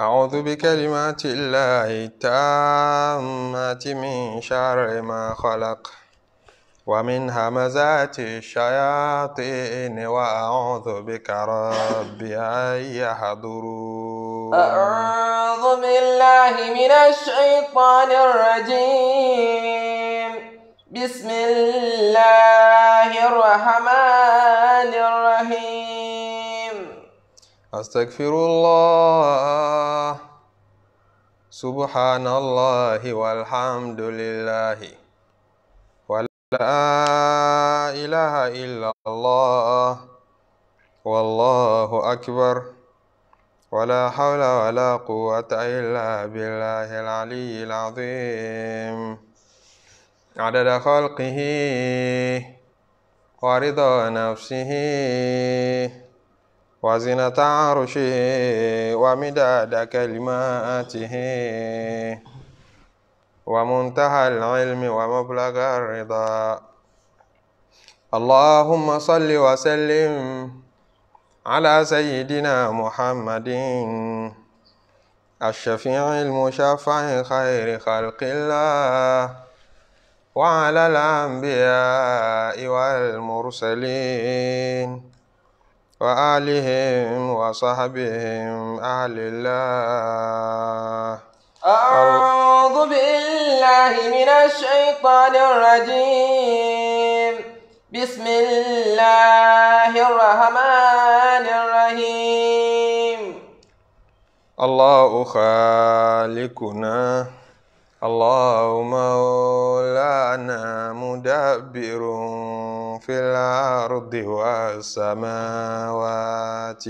أعوذ بكلمات الله التامة من شر ما خلق ومن همزات الشياطين وأعوذ بك رب أن يحضرون أعوذ بالله من الشيطان الرجيم بسم الله الرحمن الرحيم أستغفر الله سبحان الله والحمد لله ولا إله إلا الله والله أكبر ولا حول ولا قوة إلا بالله العلي العظيم عدد خلقه ورضا نفسه وزنة عرشه ومداد كلماته ومنتهى العلم ومبلغ الرضا اللهم صل وسلم على سيدنا محمد الشفيع المشفع خير خلق الله وعلى الأنبياء والمرسلين وآلهم وصحبهم أهل الله أعوذ بالله من الشيطان الرجيم بسم الله الرحمن الرحيم الله خالقنا اللهم مولانا مدبر في الأرض والسماوات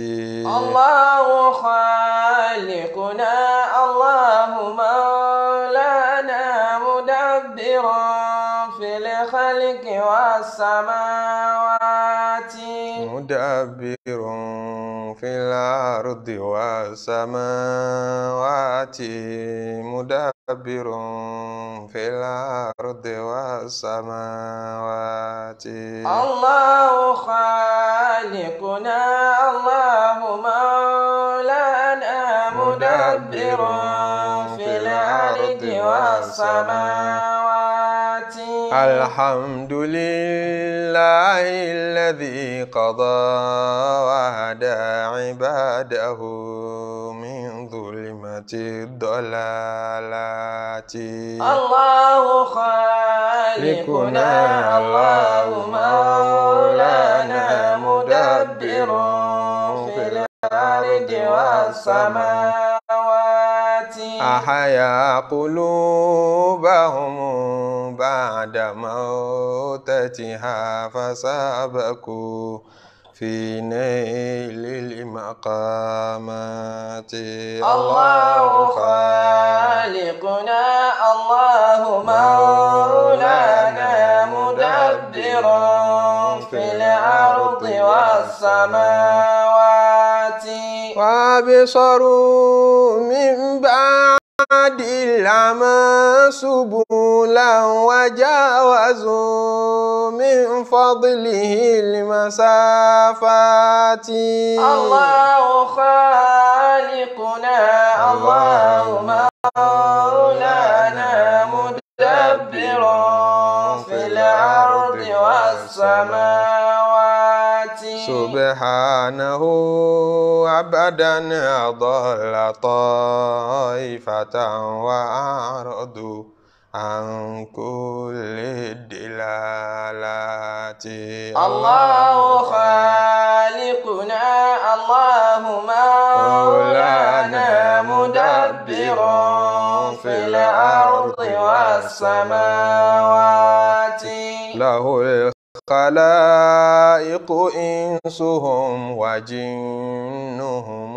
الله خالقنا الله مولانا مدبر في الخلق والسماوات مدبر في الأرض والسماوات مدبر متكبر في الأرض والسماوات الله خالقنا الله مولانا مدبر في الأرض والسماوات الحمد لله الذي قضى وهدى عباده من الضلالات الله خالقنا الله مولانا مدبر في الأرض والسماوات أحيا قلوبهم بعد موتتها فسبكوا. في نيل المقامات الله خالقنا الله مولانا مدبرا في الأرض والسماوات وابصروا من بعد العمى سبلا وجاوزوا من فضله المسافات الله خالقنا الله مولانا مدبرا في الأرض والسماوات سبحانه أبدا أضل طائفة وأعرضوا عن كل الدلالات الله خالقنا الله مولانا مدبر في الأرض والسماوات له خلائق إنسهم وجنهم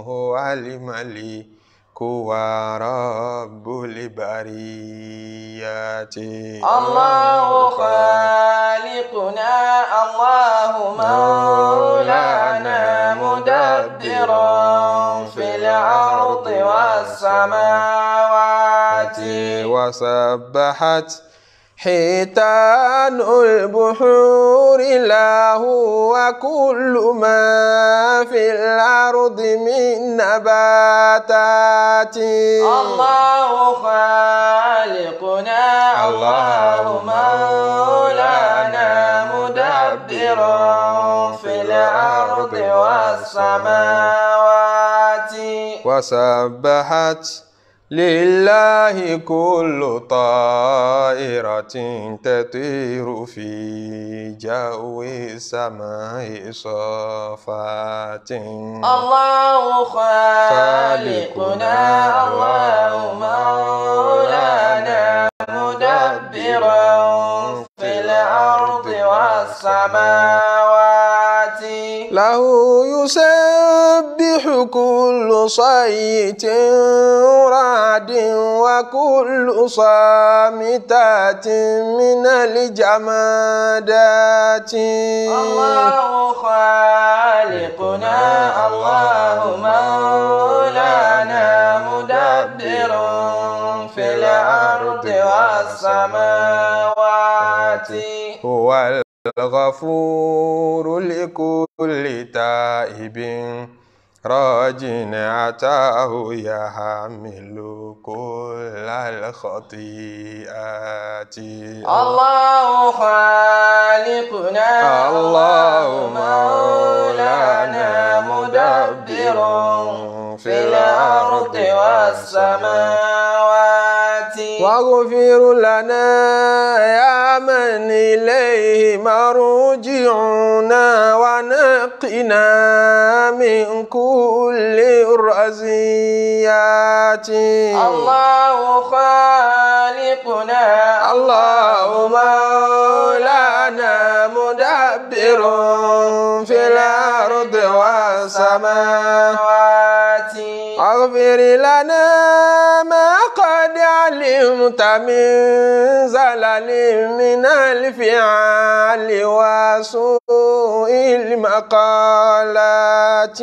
هو الملك ورب البريات الله خالقنا الله مولانا مدبرا في الأرض والسماوات وسبحت حيتان البحور لا هو كل ما في الأرض من نباتات الله خالقنا الله مولانا مدبر في الأرض والسماوات وسبحت لله كل طائرة تطير في جو السماء صفات الله خالقنا الله مولانا مدبرا في الأرض والسماوات له يسبح كل صيت رعد وكل صامتات من الجمادات الله خالقنا الله مولانا مدبر في الأرض والسماوات هو الغفور لكل تائب راجن عتاه يحمل كل الخطيئات الله خالقنا الله مولانا مدبر في الأرض والسماوات واغفر لنا يا من إليه مرجعنا ونقنا من كل الرزيات الله خالقنا الله مولانا مدبر في الأرض والسماوات اغفر لنا علمت من زلل من الفعال وسوء المقالات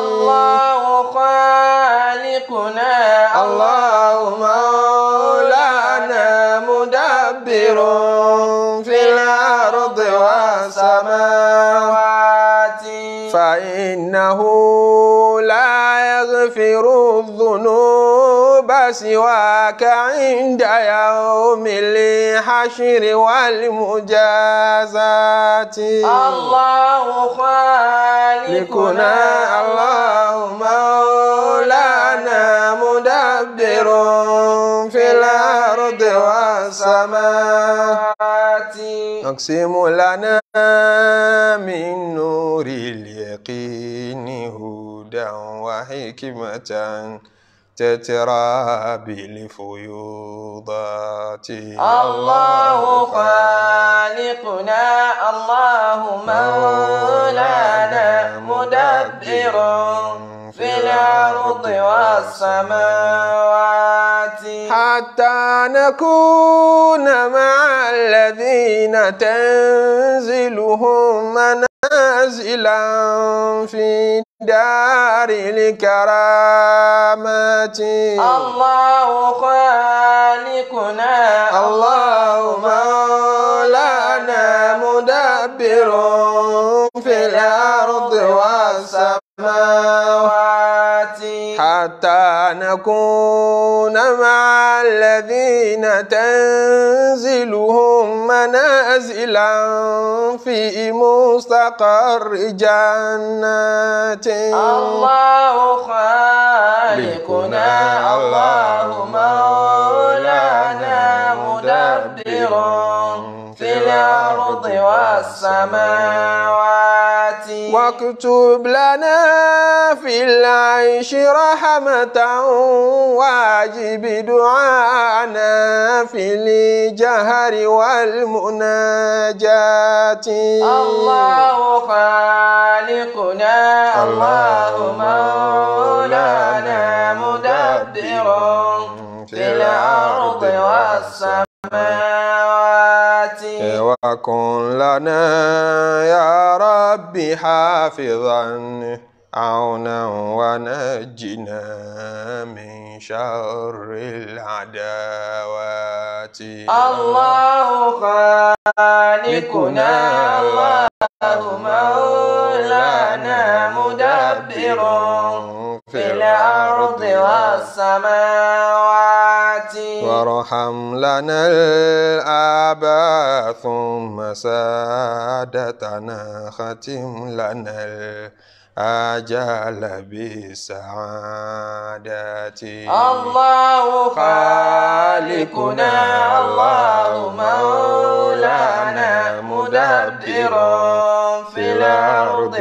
الله خالقنا الله مولانا مدبر في الأرض والسماوات إنه لا يغفر الذنوب سواك عند يوم الحشر والمجازات الله خالقنا الله مولانا مدبر في الأرض والسماء أقسم لنا من نور اليقين هدى وحكمة تترى بالفيوضات الله خالقنا الله مولانا مدبر في الأرض والسماوات حتى نكون مع الذين تنزلهم منازلا في دار الكرامات الله خالقنا الله مولانا مدبر في الأرض والسماوات حتى نكون مع الذين تنزلهم منازلا في مستقر جنات الله خالقنا الله مولانا مدبر في الأرض والسماوات واكتب لنا في العيش رحمة واجب دعانا في الجهر والمناجات الله خالقنا الله مولانا مدبر في الأرض والسماوات وكن لنا يا رب حافظا عونا ونجنا من شر العداوات الله خالقنا الله مولانا مدبر في الأرض والسماوات وارحم لنا الآباء ثم سادتنا ختم لنا أجعل بسعادتي الله خالقنا الله مولانا مدبرا في الأرض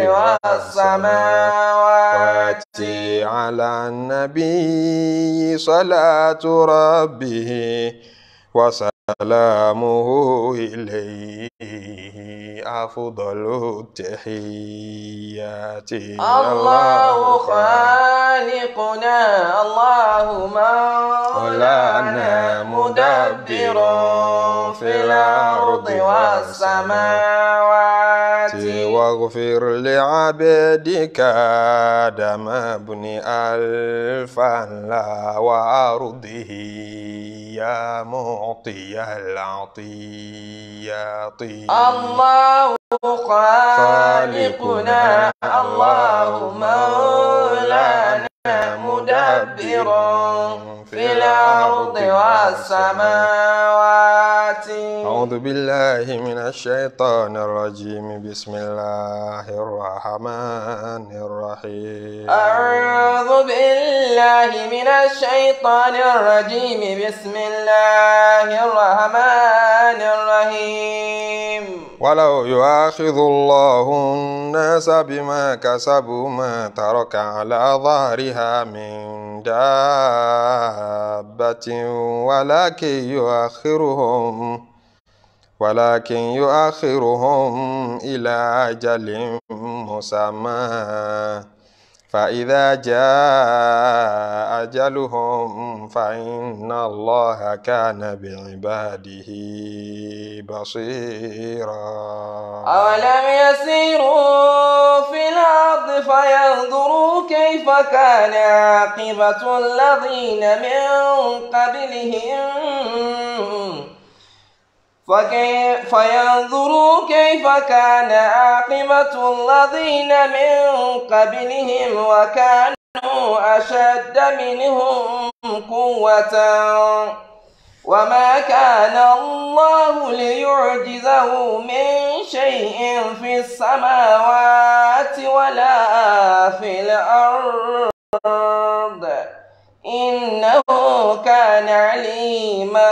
والسماوات على النبي صلاة ربه وسلامه إليه أفضل التحيات الله خالقنا الله مولانا مدبر في الأرض والسماوات واغفر لعبدك آدم بن ألفا لا وأرضه يا معطي العطيات الله خالقنا الله مولانا مدبرا في الأرض والسماوات أعوذ بالله من الشيطان الرجيم بسم الله الرحمن الرحيم أعوذ بالله من الشيطان الرجيم بسم الله الرحمن الرحيم ولو يؤاخذ الله الناس بما كسبوا ما ترك على ظهرها من دابة ولكن يؤخرهم ولكن يؤخرهم إلى أجل مسمى فإذا جاء أجلهم فإن الله كان بعباده بصيرا أولم يسيروا في الأرض فينظروا كيف كان عاقبة الذين من قبلهم فينظروا كيف كان عاقبة الذين من قبلهم وكانوا أشد منهم قوة وما كان الله ليعجزه من شيء في السماوات ولا في الأرض إنه كان عليما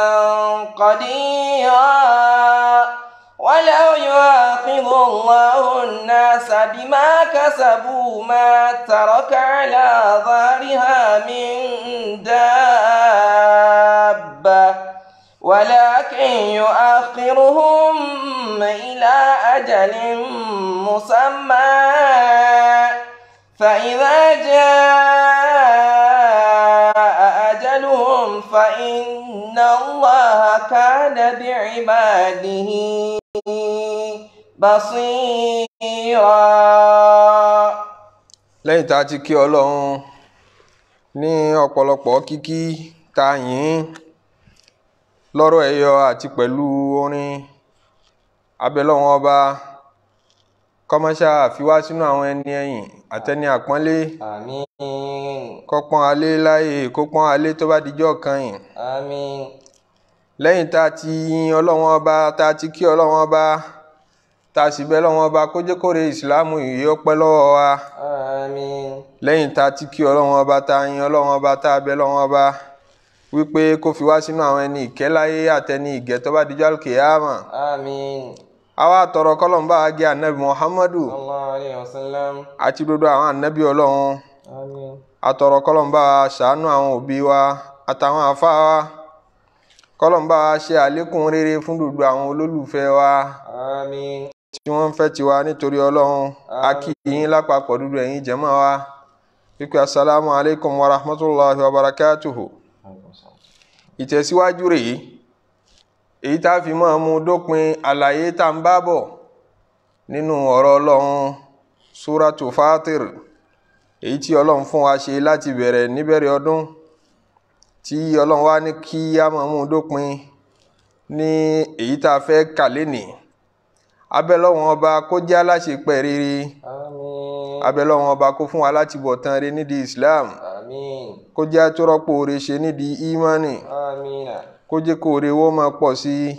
قديرا ولو يؤاخذ الله الناس بما كسبوا ما ترك على ظهرها من دابة ولكن يؤخرهم إلى أجل مسمى فإذا جاء الله كان بعباده بصيرا lẹ́yìn tá a ti kí ọlọ́run ní ọ̀pọ̀lọpọ̀ kíkí tá a yìn lọ́rọ̀ ẹ̀yọ àti pẹ̀lú orin abẹ́lọ́wọ́n ọba kọ́mọ́ṣá àfiwá sínú àwọn ẹni ẹ̀yìn àtẹni àpọ́nlé àmín kọ́pọ́n alé láyè kópọ́n alé tó bá dijọ́ kan yìí lẹ́yìn tá a ti yin ọlọ́wọ́n ọba tá a ti kí ọlọ́wọ́n ọba tá a sì bẹ lọ́wọ́n ọba kó jẹ́ yìí ó lọ́wọ́ wa. lẹ́yìn tá a ti kí ọlọ́wọ́n ọba tá a yin ọlọ́wọ́n ọba tá a bẹ lọ́wọ́n ọba wípé kó fi wá sínú àwọn ẹni ìkẹ́ láyé àtẹni ìgẹ̀ tó bá dijọ́ àlùkìyámà. àmín. àwa àtọrọ kọlọmbà agẹ anabi muhammadu. àti gbogbo àwọn anabi ọlọ́run. àmín. àtọrọ kọlọmbà ṣàánú àwọn òbí wa àtàwọn àfa wa kọ́lọ̀mbà wa ṣe àlékún rere fún gbogbo àwọn olólùfẹ́ wa àmín tí wọ́n ń fẹ́ tiwa nítorí ọlọ́run a kí yín lápapọ̀ dúdú ẹ̀yin jẹ́mọ́ wa pípẹ́ asalaamu aleykum wa rahmatulahi wa barakatuhu ìtẹ̀síwájú rèé èyí tá a fi máa mú dópin àlàyé tá ń bá bọ̀ nínú ọ̀rọ̀ ọlọ́run súrátù fátìr èyí tí ọlọ́run fún wa ṣe láti bẹ̀rẹ̀ níbẹ̀rẹ̀ ọdún tí ọlọ́run wá ní kí a máa mú un dópin ní èyí tá a fẹ́ kà lénìí abẹ́lọ́wọ́n ọba kó jẹ́ aláṣepẹ̀ rere abẹ́lọ́wọ́n ọba kó fún wa láti bọ̀ tán re nídìí Islam kó jẹ́ atúrọ́pò oore ṣe nídìí imani kó jẹ́ kó oore wọ́n máa pọ̀ sí i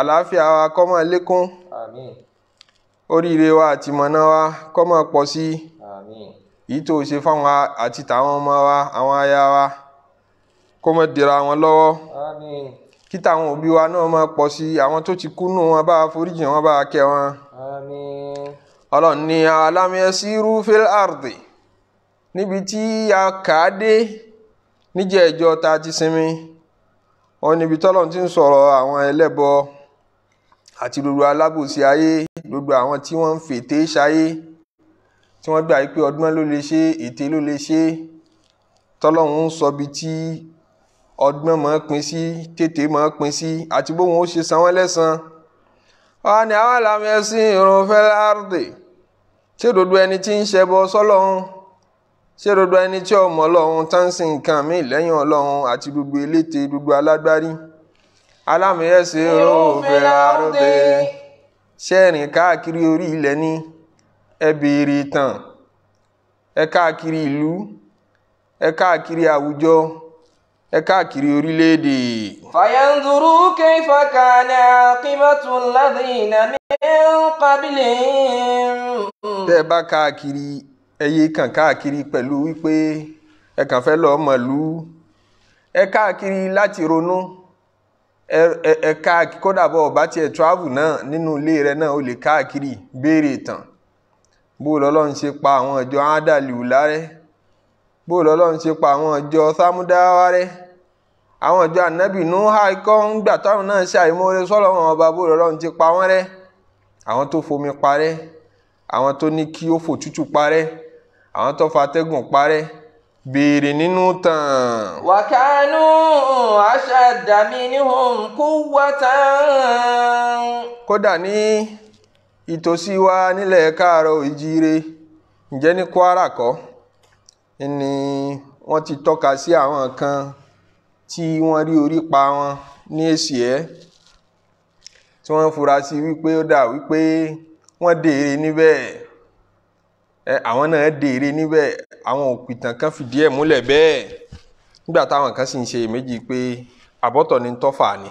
àlàáfíà wa kó máa lékún oríire wa àti mọ̀nà wa kó máa pọ̀ sí i èyí tó fáwọn àti tàwọn ọmọ wa àwọn aya wa. Amin kó má dira wọn lọ́wọ́ àmín kí táwọn òbí wa náà máa pọ̀ sí àwọn tó ti kú nù wọn bá foríjì wọn bá kẹ́ wọn àmín ní alam yasiru fil ardi níbi tí a kà á dé níjẹ́ ìjọ ta ti sinmi wọn níbi tọ́lọ́run ti ń sọ̀rọ̀ àwọn ẹlẹ́bọ àti gbogbo alábòsí ayé gbogbo àwọn tí wọ́n ń fètè ṣayé tí wọ́n gbà pé ọdún ló lè ṣe ète ló lè ṣe tọ́lọ́run ń sọ bí tí ọgbọ́n máa pín sí tètè máa pín sí àti bó wọn ó ṣe san wọ́n lẹ́san. wọ́n ní àwọn àlàmì ẹ̀sìn irun fẹ́lẹ́ àrùdè ṣé dodo ẹni tí ń ṣẹbọ sọ́lọ́run ṣé dodo ẹni tí ọmọ ọlọ́run tá ń sin nǹkan mi lẹ́yìn ọlọ́run àti gbogbo eléte gbogbo alágbárí. àlàmì ẹ̀sìn irun fẹ́lẹ́ àrùdè ṣẹ́ẹ̀rìn káàkiri orí ilẹ̀ ni ẹ béèrè ìtàn ẹ káàkiri ìlú ẹ káàkiri àwùjọ. ẹ káàkiri orílẹ̀-èdè. fàyẹ̀ǹdùrú kẹfà kàní àkíbàtú ladhina min qablihim. tẹ́ ẹ bá káàkiri ẹyẹ kàn káàkiri pẹ̀lú wípé ẹ kàn fẹ́ lọ́ọ́ mọ̀lú ẹ káàkiri láti ronú ẹ káàkiri kódà bọ́ ọba tiẹ̀ travel náà nínú ilé rẹ náà ó lè káàkiri béèrè ìtàn bó lọ́lọ́run ṣe pa àwọn ìjọ lárẹ́ bó lọ́lọ́run ṣe pa àwọn ìjọ ànábì Nuha ikọ́ ń gbà táwọn náà ṣe àìmọ́re sọ́lọ́ wọn ọba bó lọ́rọ́ ti pa wọ́n rẹ́ àwọn tó fomi parẹ́ àwọn tó ní kí ó fò tútù parẹ́ àwọn tó fatẹ́gùn parẹ́ béèrè nínú tàn. wàkánú aṣáàdàmí níhùn kú tán! kódà ní ìtòsí wa nílẹ̀ káàárọ̀ ìjíire ǹjẹ́ ní Kwara kọ́ ni wọ́n ti tọ́ka sí àwọn kan. tí wọ́n rí orí pa wọn ní èsì ẹ́ tí wọ́n fura sí wípé ó dà wípé wọ́n dèrè níbẹ̀ ẹ àwọn náà dèrè níbẹ̀ àwọn òpìtàn kan fìdí ẹ̀ múlẹ̀ bẹ́ẹ̀ nígbà táwọn kan sì ń ṣe èméjì pé àbọ̀tọ̀ ni tọ́fà ni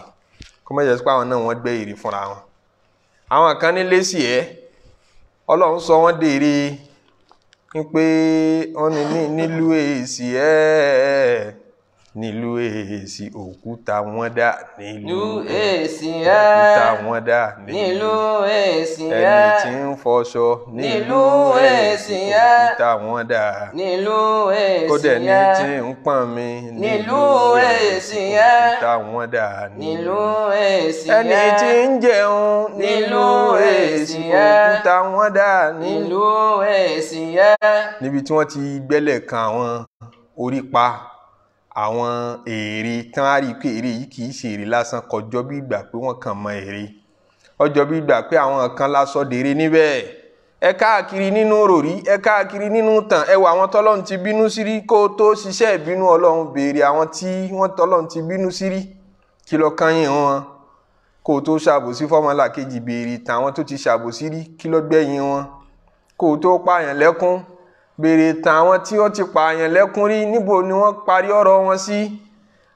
kó mẹ́jọ sí pé àwọn náà wọ́n gbé èrè fúnra wọn àwọn kan ní lẹ́sì ẹ́ ọlọ́run sọ wọ́n dèrè ń pé wọ́n ní nílùú èsì ẹ́ ẹ́ ẹ́ nílùú èsì òkúta wọn dà nílùú èsì yá òkúta wọn dà nílùú èsì yá ẹni tí ń fọṣọ nílùú èsì yá òkúta wọn dà nílùú èsì yá kódà ní tí ń pọn mi nílùú èsì òkúta wọn dà nílùú èsì ẹni tí ń jẹun nílùú èsì òkúta wọn dà nílùú èsì níbi tí wọ́n ti gbẹ́lẹ̀ kan àwọn orí pa àwọn èrè tán á rí i pé èrè yìí kì í ṣe èrè lásán kọjọ bí ìgbà pé wọ́n kàn mọ èrè ọjọ́ bí ìgbà pé àwọn kan lásọ dèrè níbẹ̀ ẹ káàkiri nínú ròrí ẹ káàkiri nínú tàn ẹ wà àwọn tọ́lọ́run ti bínú sírí kó o tó ṣiṣẹ́ ìbínú ọlọ́run béèrè àwọn tí wọ́n tọ́lọ́run ti bínú sírí kí ló kàn yín wọn kó tó ṣàbòsí fọ́mọlà béèrè tàwọn tó ti ṣàbòsí rí kí ló gbẹ̀yìn wọn kó tó pààyàn lẹ́kún béèrè tàn àwọn tí ó ti pààyàn lẹ́kún rí níbo ni wọ́n parí ọ̀rọ̀ wọn sí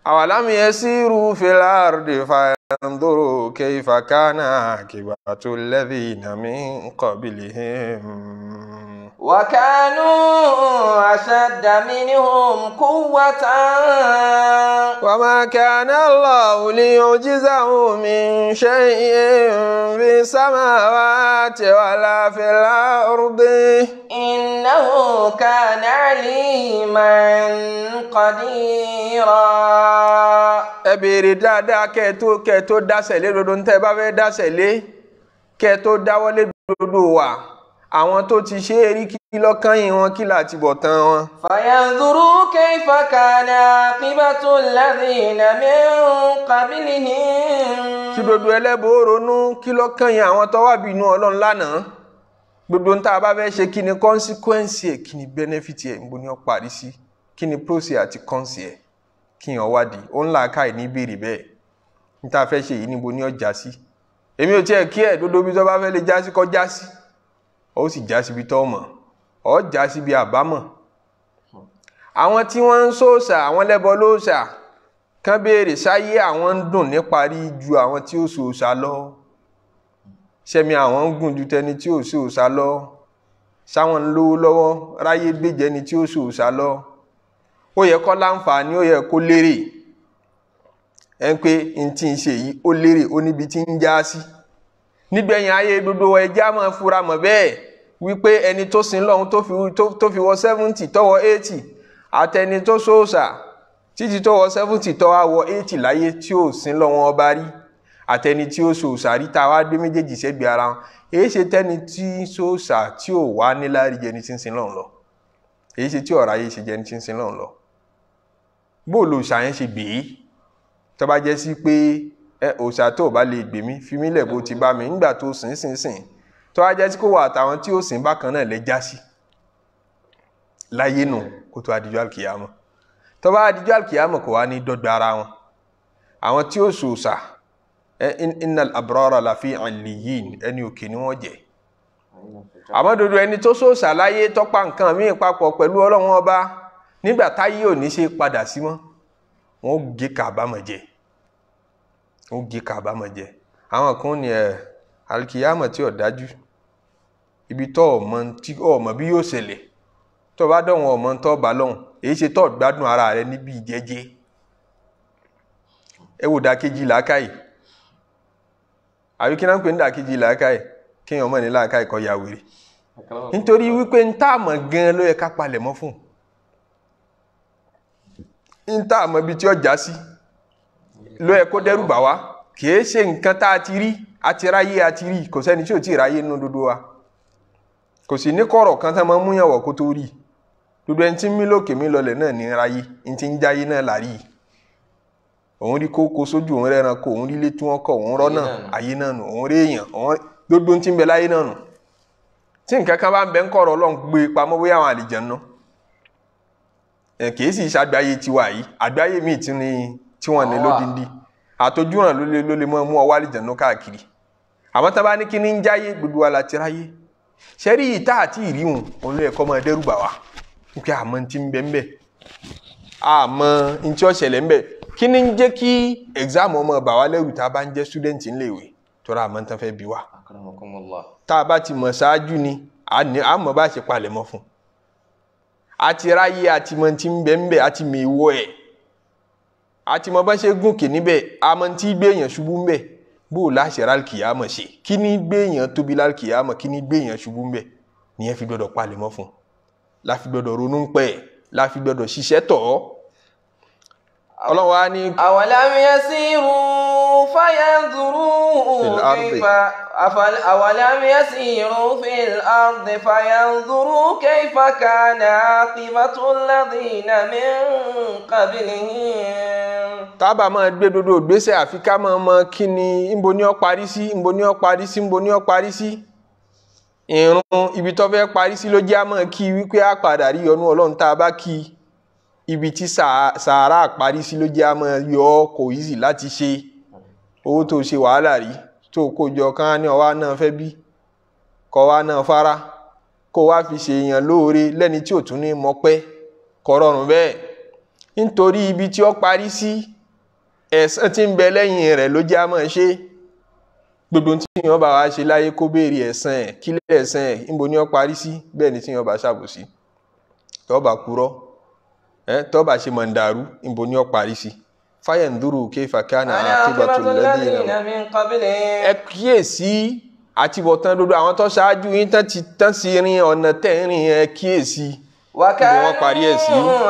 àwàlámi ẹ sí irú fìlàrúdì fàǹdòrò kẹfà kánà kìgbà tó lẹ́bí ìnàmí ń kọ̀bìlì hẹ́ẹ̀mù. وكانوا أشد منهم قوة وما كان الله ليعجزه من شيء في السماوات ولا في الأرض إنه كان عليما قديرا ẹ béèrè dáadáa kẹ́ ẹ tó kẹ́ ẹ tó dáṣẹ̀ lé àwọn tó ti ṣe é rí kí lọ́kàn yìí wọn kí láti bọ̀ tán wọn. fàyàǹdùrú kayfa kana aqibatu alladhina min qablihim. kí gbogbo ẹlẹ́bùn ronú kí lọ́kàn yìí àwọn tó wà bí inú ọlọ́run lánàá gbogbo ń tá a bá fẹ́ ṣe kí ni consequence ẹ̀ kí ni benefit ẹ̀ níbo ni ó parí sí kí ni pros àti cons ẹ̀ kí ni ó ó ń làákàyè ní ìbéèrè bẹ́ẹ̀ ní tá a fẹ́ ṣe yìí níbo ni ó sí èmi ò tiẹ̀ kí ẹ̀ dodo bí tó bá fẹ́ lè já sí kó já sí ó sì já síbi tọ́ọ̀mọ̀ ó já síbi àbámọ̀ àwọn tí wọ́n ń sòòṣà àwọn lẹ́bọ lóòṣà kán béèrè sáyé àwọn ń dùn níparí ju àwọn tí ó sòòṣà lọ sẹ́mi àwọn ń gùn ju tẹni tí ó sòòṣà lọ sáwọn ń lówó lọ́wọ́ ráyé gbèjẹ́ ni tí ó sòòṣà lọ ó yẹ kó láǹfààní ó yẹ kó lérè ẹ ń pé n tí ń ṣe yìí ó lérè ó níbi tí ń já sí. Si nígbẹ̀yìn ayé gbogbo ẹja máa fura mọ̀ bẹ́ẹ̀ wípé ẹni tó sin lọ́hún tó fi wọ seventy tọwọ́ eighty àtẹni tó sóòsà títí tọwọ́ seventy tọwọ́ wọ eighty láyé tí ò sin lọ́wọ́ ọba rí àtẹni tí ó sòòsà rí tá a wá gbé méjèèjì sẹ́gbẹ̀ẹ́ ara wọn èyí ṣe tẹ́ni tí sòòsà tí ò wá níláàrí jẹni tí ń sin lọ́hún lọ èyí ṣe tí ọ̀rọ̀ ayé ṣe jẹni tí ń sin lọ́hún lọ bóòlù ṣàyẹn ṣe bèé tó jẹ́ sí pé ẹ òòṣà tó o bá lè gbèmí fi mí lẹ̀ bó ti bá mi nígbà tó sìn sìn sìn tó a jẹ́ tí kò wà àtàwọn tí ó sìn bákan náà lè já sí láyé nù kó tó adijọ́ àlùkìyàmọ̀ tó bá adijọ́ àlùkìyàmọ̀ kò wá ní dọ́gba ara wọn àwọn tí ó sòòṣà ẹ innal abrara lafi aliyin ẹni òkè ni wọ́n jẹ́ àmọ́ dodo ẹni tó sòòṣà láyé tọ́pa nǹkan míì papọ̀ pẹ̀lú ọlọ́run ọba nígbà táyé ò ní ṣe padà sí mọ́ wọn ó gé kàbámọ̀ jẹ́ ó gé kábàámọ̀ jẹ àwọn kan ní ẹ alikiyama tí ò dájú ibi tó ọmọ tí ọmọ bí yóò ṣẹlẹ̀ tó bá ọmọ tó bá lọ́hùn èyí ṣe tó gbádùn ara rẹ níbi ìjẹ́jẹ́ ẹ wò dákejì làákàyè àbí kí náà ń pè ní dákejì làákàyè kéèyàn mọ̀ ní làákàyè kọ́ ya nítorí wípé ń tá gan ló yẹ ká palẹ̀ mọ́ fún ń ló yẹ kó dẹ́rù bà wá kìí ṣe nǹkan tá a ti rí a ti ráyé a ti rí kò sẹ́ni tí ò tí ì ráyé nínú dodo wa kò sì ní kọ̀rọ̀ kan tá a máa mú yàn wọ̀ kó tó rí dodo ẹni tí ń mí lókè mí lọlẹ̀ náà ní ráyé ẹni tí ń jáyé náà lárí òun rí kókó sójú òun rẹ́ran kó òun rílé tí wọ́n kọ òun rọ́ náà ayé náà nù òun rí èèyàn òun dodo ti ń bẹ láyé náà nù tí nǹkan kan bá ń bẹ ń kọ̀rọ̀ ọlọ́run gbé e pamọ́ bóyá àwọn àlìjàn náà kìí sì ṣàgbáyé tiwa yìí àgbáyé míì tún ni tí wọ́n ní lódìndí àtọ́júràn ló lè ló lè mọ́ mú ọwọ́ àlìjẹ̀nú káàkiri àmọ́ tá a bá ní kí ní ń jáyé gbogbo wa la ti ráyé ṣẹ́rí yìí tá àti ìríhùn òun ló ẹ̀kọ́ máa dẹ́rù bà wá wípé àmọ́ ti ń bẹ ń bẹ àmọ́ n tí ó ṣẹlẹ̀ ń bẹ kí ní ń jẹ́ kí exam ọmọ bà wá lẹ́rù tá a bá ń jẹ́ student ńléèwé tọ́ra àmọ́ tán fẹ́ bí wa tá a bá ti mọ̀ ṣáájú ni àmọ́ bá ṣe palẹ̀mọ́ fún àti ráyé àti mọ̀ ti ń bẹ ń bẹ àti mi ìwọ ẹ̀ àti mọ bá ṣe gòkè níbẹ̀ àmọ́ tí gbèyàn ṣubú ńbẹ̀ bó o láṣẹ rálkìyàmọ̀ ṣe kí ni gbèyàn tóbi rálkìyàmọ̀ kí ni gbèyàn ṣubú ńbẹ̀ nìyẹn fi gbọdọ̀ palẹ̀ mọ́ fún un láfi gbọdọ̀ ronú pẹ̀ láfi gbọdọ̀ ṣiṣẹ́ tọ̀ ọ́ ọlọ́wọ́ á ní. awalam yasiru. فينظروا كيف أفل أولم يسيروا في الأرض فينظروا كيف كان عاقبة الذين من قبلهم tábà máa gbé dodo ìgbésẹ̀ àfi ká máa mọ kí ni ńbo ni ó parí sí ńbo ni ó parí sí ńbo ni ó parí sí ìrun ibi tó fẹ́ parí sí ló jẹ́ àmọ́ kí wípé a padà rí ọnú ọlọ́run tá a bá kí ibi tí sàárà parí sí ló jẹ́ àmọ́ yọ kò easy láti ṣe. owó tó ṣe wàhálà rí tó kó jọ kán ní ọwá náà fẹ́ bí kọ wa náà fara kó wá fi ṣe èèyàn lóore lẹ́ni tí ò tún ní mọ́pẹ́ kọ́ rọrùn bẹ́ẹ̀ nítorí ibi tí ó parí sí ẹ̀sán tí ń bẹ lẹ́yìn rẹ̀ ló jẹ́ àmọ́ ṣe gbogbo tí èèyàn bá wá ṣe láyé kó béèrè ẹ̀sán ẹ̀ kí lẹ́ ẹ̀san ẹ̀ níbo ni ó parí sí bẹ́ẹ̀ ni tí èèyàn bá ṣàbòsí tó bá kúrò tó bá ṣe mọ̀ǹdàrú níbo ni ó parí sí. fayanduru kayfa kana akibatu alladhina min qablihim. ẹ kíyèsí àtibọ̀tán dodo àwọn tó ṣáájú yín tán ti tán sí rin ọ̀nà tẹ́ rìn ẹ kíyèsí. wakanu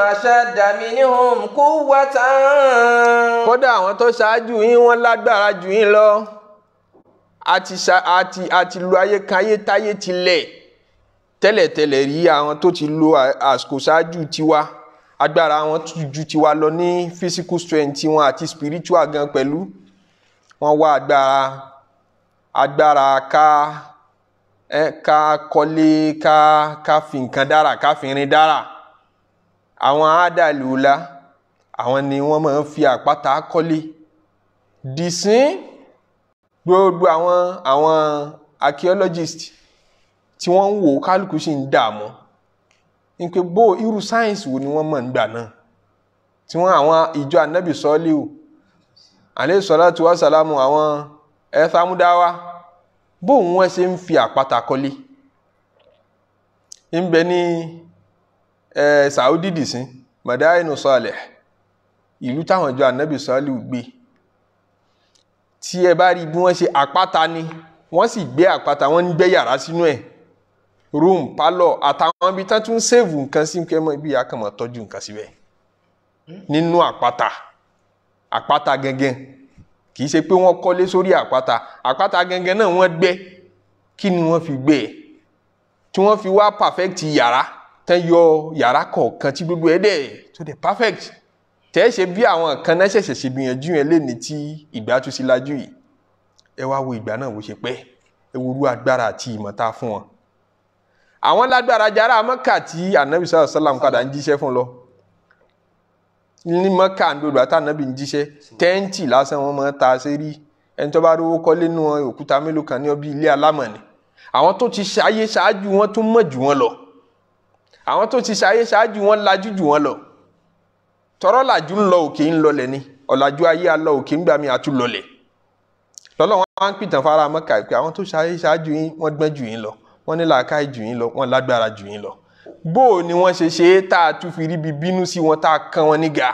ashadda minhum quwwatan. kódà àwọn tó ṣáájú yín wọ́n lágbára jù yín lọ àti àti àti lu táyé tilẹ̀ tẹ́lẹ̀tẹ́lẹ̀ rí àwọn tó ti lo àsìkò ṣáájú tiwa agbára wọn ju tiwa lọ ní physical strength wọn àti spiritual gan pẹ̀lú wọ́n wá agbára agbára ká ẹ ká kọ́lé ká ká fi nǹkan dára ká fi rin dára àwọn àádàlúla àwọn ni wọ́n máa ń fi àpáta kọ́lé dìsín gbogbo àwọn àwọn archaeologist tí wọ́n ń wò kálukú sì ń dààmú ní pé bó irú sáyẹ́ǹsì wo ni wọ́n mọ̀ nígbà náà tí wọ́n àwọn ìjọ ànábì sọ́ọ́líù àlẹ́ sọ́lá tí wọ́n sàlámù àwọn ẹ̀ẹ́sàmúdáwá bó wọ́n ṣe ń fi àpáta kọ́lé ń ní ẹ̀ Saudi dìsín Madainu Saleh ìlú táwọn ìjọ ànábì sọ́ọ́líù gbé tí ẹ bá rí bí wọ́n ṣe àpáta ni wọ́n sì gbé àpáta wọ́n ń gbé yàrá sínú ẹ̀ room palo àtàwọn ibi tán tún sèvù nǹkan sí kẹ́mọ́ ibi àkànmọ́ tọ́jú nǹkan síbẹ̀ nínú àpáta àpáta gẹ́gẹ́ kì í ṣe pé wọ́n kọ́lé sórí àpáta àpáta gẹ́gẹ́ náà wọ́n gbẹ́ kí ni wọ́n fi gbẹ́ tí wọ́n fi wá perfect yàrá tán yọ yàrá kọ̀ọ̀kan tí gbogbo ẹ̀ dẹ̀ tó dẹ̀ perfect tẹ́ ẹ ṣe bí àwọn kan náà ṣẹ̀ṣẹ̀ ṣe gbìyànjú yẹn lé ní tí ìgbà tún sí lájú yìí ẹ wá wo ìgbà náà bó ṣe pẹ́ ẹ agbára àti ìmọ̀ fún wọn àwọn lágbára jára mọ́kà tí ànábì sọ́lá sọ́lám padà ń jíṣẹ́ fún lọ ní mọ́kà ń gbogbo àtà ń jíṣẹ́ tẹ́ǹtì lásán wọn máa ta ṣe rí ẹni tó bá rówó kọ́lé nu òkúta mélòó kan ní ọbí ilé alámọ̀ ni àwọn tó ti ṣayé ṣáájú wọn tún mọ̀ jù wọn lọ àwọn tó ti ṣayé ṣáájú wọn lajú jù wọn lọ tọrọ làjú ń lọ òkè ń lọlẹ̀ ni ọ̀làjú ayé alọ òkè ń gbà mí àtúlọlẹ̀ lọ́lọ́wọ́n á ń pìtàn fara mọ́kà pé àwọn tó ṣayé ṣáájú yín wọ́n gbọ́n yín lọ wọ́n ní làákàyè jù yín lọ wọ́n lágbára jù yín lọ bó o ni wọ́n ṣe ṣe é tá a tún fi ríbi bínú sí wọn tá a kan wọn níga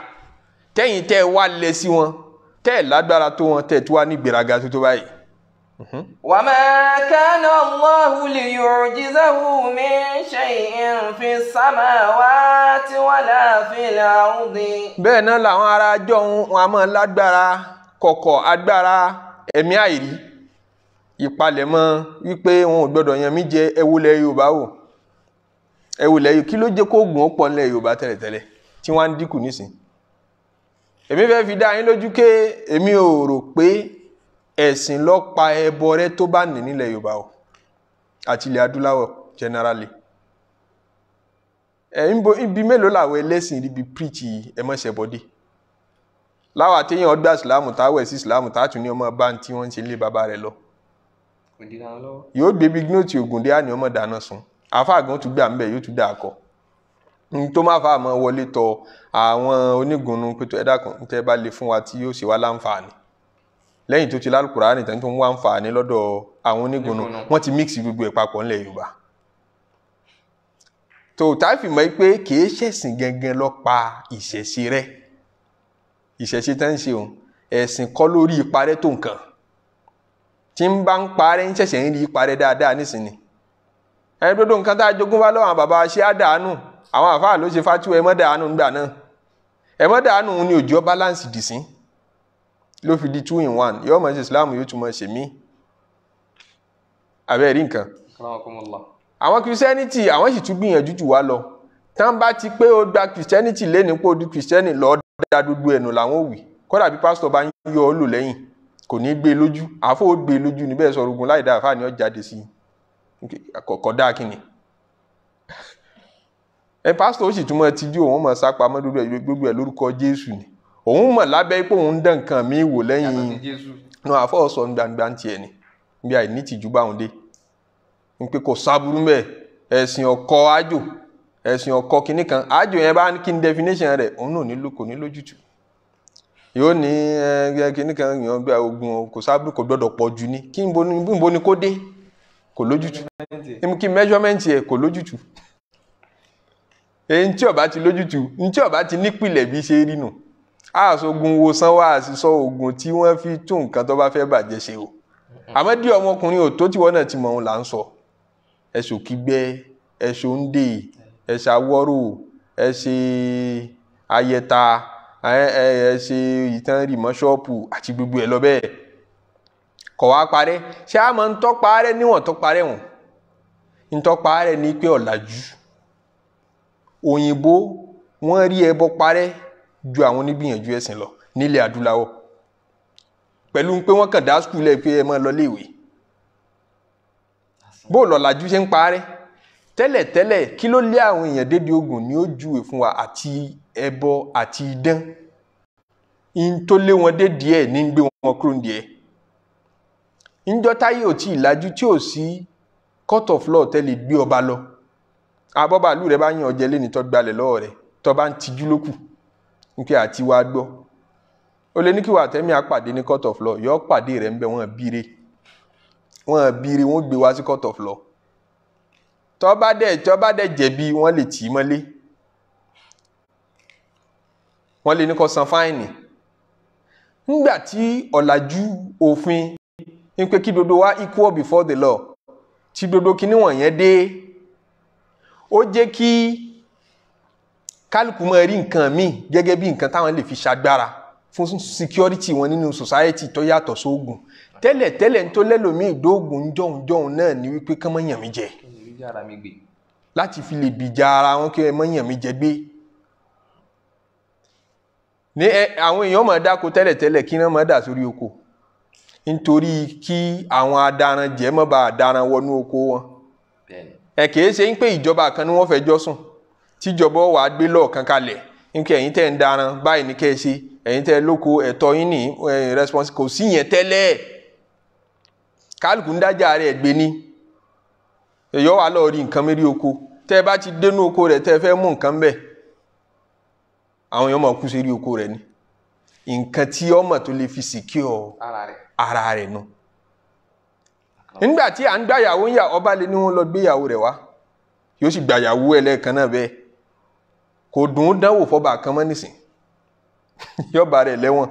tẹ́yìn tẹ́ ẹ wá lẹ sí wọn tẹ́ ẹ lágbára tó wọn tẹ́ ẹ tún wá ní gbéraga tó tó báyìí. وما كان الله ليعجزه من شيء في السماوات ولا في الأرض bẹ́ẹ̀ náà làwọn ará jọ̀hún wọn a máa lágbára kọ̀kọ̀ agbára ẹ̀mí àìrí ìpalẹ̀mọ́ wípé wọn ò gbọ́dọ̀ yan mí jẹ ẹwúlẹ̀ yorùbá wò ẹwúlẹ̀ yìí kí ló jẹ́ kó oògùn ó pọ̀ nílẹ̀ yorùbá tẹ́lẹ̀tẹ́lẹ̀ tí wọ́n á ń dínkù nísìn èmi fẹ́ fi dá yín lójú pé èmi ò rò pé ẹ̀sìn ló ẹbọ rẹ tó bá nì nílẹ̀ yorùbá o àti ilẹ̀ adúláwọ̀ generally ẹ̀ ibi mélòó làwọn ẹlẹ́sìn ibi preach ẹ̀mọ́sẹ̀bọ́dé láwọn àtẹ̀yìn ọgbà ìsìlámù táwẹ̀ sí ìsìlámù tààtù ní ọmọ bá ń tí wọ́n ń ṣe lé bàbá rẹ̀ lọ yóò gbé big note ògùn dé àní ọmọ dáná sun àfáàgán tún gbà ńbẹ yóò tún dà kọ tó má fà mọ wọlé tọ àwọn onígunnu pẹtù ẹ̀dá kan tẹ bá lè fún wa tí yóò ṣe wá láǹfààní lẹ́yìn tó ti lálùkùrá nìtàn tó ń wá àǹfààní lọ́dọ̀ àwọn onígunnu wọ́n ti mix gbogbo ẹ̀ papọ̀ ńlẹ̀ Yorùbá tó táàfì mọ̀ pé kìí ṣẹ̀sìn gangan lọ pa ìṣẹ̀ṣe rẹ̀ ìṣẹ̀ṣe tán ń ṣe òun ẹ̀sìn kọ́ lórí ipa rẹ̀ tó nǹkan tí ń bá ń parẹ́ ń ṣẹ̀ṣẹ̀ ń rí parẹ́ dáadáa nísìnyí ẹni tó dùn nǹkan tá a jogún wá lọ́wọ́ àwọn bàbá ṣé á dàánù àwọn àfáà ló ṣe fátú ẹ mọ́ dàánù nígbà náà ẹ mọ́ dàánù ni òjò balance dì sí ló fi di two in one yóò mọ̀ sí Islam yóò tún mọ̀ ṣe mí abẹ́ rí nǹkan. àwọn Christianity àwọn sì tún gbìyànjú jù wá lọ tán bá ti pé ó gba Christianity lẹ́nu pé ó di Christianity lọ́ọ́ dá gbogbo ẹ̀nù làwọn ò wí kódà bí pásítọ̀ bá ń yọ ọ́ lò lẹ́yìn kò ní gbé lójú àfọ ó gbé lójú níbẹ̀ sọ̀rọ̀ ogun láì dá àfáà ni ó jáde sí kọ̀kọ́ dá kínni ẹ pásítọ̀ ó sì túmọ̀ tijú òun mọ̀ sápá mọ́ dúdú ẹ̀ gbogbo ẹ̀ lórúkọ Jésù ni òun mọ̀ lábẹ́ pé òun dán nǹkan mi wò lẹ́yìn nu àfọ sọ gbangba tiẹ̀ ni bí àìní tìjú bá òun dé n pé kò sábúrú mẹ́ ẹ̀sìn ọkọ àjò ẹ̀sìn ọkọ kìnnìkan àjò yẹn bá kí ni definition rẹ̀ òun náà ní lóko ní lójútùú yóò ní ẹ kíní kan yàn gbé ogun kò sábà kò gbọdọ̀ pọ̀ jù ni kí nbo ni kó dé kò lójútù kí mẹ́ṣọ́mẹ́ǹtì ẹ̀ kò lójútù èyí tí ọba ti lójútù ntí ọba ti nípìlẹ̀ bí ṣe rí nù àṣogun wo san wá àṣìṣọ oògùn tí wọ́n fi tún nǹkan tó bá fẹ́ bàjẹ́ ṣe o àmọ́ ọmọkùnrin òtó tí wọ́n náà ti mọ̀ òun là ń sọ ẹ̀ṣọ́ kígbẹ́ ẹ̀ṣọ́ ń dè ẹ̀ṣàwọ́rò ẹ̀ṣẹ̀ ayẹta ẹ ṣe ìtàn rì mọ́ ṣọ́ọ̀pù àti gbogbo ẹ̀ lọ bẹ́ẹ̀ kọ̀ wá parẹ́ ṣé a máa ń tọ́ parẹ́ níwọ̀n tọ́ parẹ́ wọn ń tọ́ parẹ́ ní pé ọ̀làjú òyìnbó wọ́n rí ẹbọ parẹ́ ju àwọn onígbìyànjú ẹ̀sìn lọ nílẹ̀ adúláwọ̀ pẹ̀lú pé wọ́n kàn dá skul ẹ̀ pé ẹ máa lọ léèwé bó lọ̀làjú ṣe ń parẹ́ tẹ́lẹ̀tẹ́lẹ̀ kí ló lé àwọn èèyàn dédé ogun ni ó júwe fún wa àti ẹbọ àti idán in tó lé wọn dé díẹ̀ ní gbé wọn kúrò díẹ̀ ńjọ́ táyé ò tí ì tí ò sí court of law tẹ́lẹ̀ gbé ọba lọ abọ́bàlú rẹ bá yàn ọjẹ́ lé ní tọ́ gbalẹ̀ lọ́wọ́ rẹ tọ́ bá ń tijú lókù nípa àti wá gbọ́ ó lé ní kí wàá tẹ́mi àpàdé ní court of law yọ pàdé rẹ̀ ń bẹ wọ́n bíire wọ́n bíire wọ́n gbé wá sí court of law tọ́ bá dẹ̀ tọ́ bá dẹ̀ jẹ̀bi wọ́n lè tì í mọ́lé wọ́n lè ní kó san fáìnì nígbà tí ọ̀làjú òfin ń pé kí dodo wá equal before the law tí dodo kíní wọ̀nyẹn dé ó jẹ́ kí kálukú máa rí nǹkan míì gẹ́gẹ́ bí nǹkan táwọn lè fi ṣagbára fún security wọn nínú society tó yàtọ̀ sóògùn tẹ́lẹ̀ tẹ́lẹ̀ ń tó lẹ́lòmíì dóògùn jọ̀hún jọ̀hún náà ni wípé kán mọ́ yàn mí jẹ láti fi lè bìjà ara wọn kí ẹ mọ́ yàn mí jẹ gbé ní àwọn èèyàn máa dáko tẹ́lẹ̀tẹ́lẹ̀ kí wọ́n máa dà sórí oko nítorí kí àwọn adaran jẹ mọ́ bá adaran wọnú oko wọn ẹ kìí ṣe ń kanu ìjọba kan ni wọ́n fẹ́ jọ́sùn tíjọba wàá gbé lọ́ọ̀kan kalẹ̀ nkẹ ẹ̀yin tẹ́ ń daran báyìí ní kẹ́ ṣe ẹ̀yin tẹ́ lóko ẹ̀tọ́ yín ní response kò sí yẹn tẹ́lẹ̀ kálukú ń dájà rẹ̀ gbé ní oko tẹ́ bá ti dénú oko àwọn èèyàn máa kú sí rí oko rẹ ni nǹkan tí ọmọ tó lè fi secure ara rẹ̀ nù nígbà tí à ń gbàyàwó ń yà ọba lè ní wọn lọ gbéyàwó rẹ̀ wá yóò sì gbàyàwó ẹ lẹ́ẹ̀kan náà bẹ́ẹ̀ kò dùn ún dánwò fọba kan mọ́ nísìn yọba rẹ̀ lẹ́wọ̀n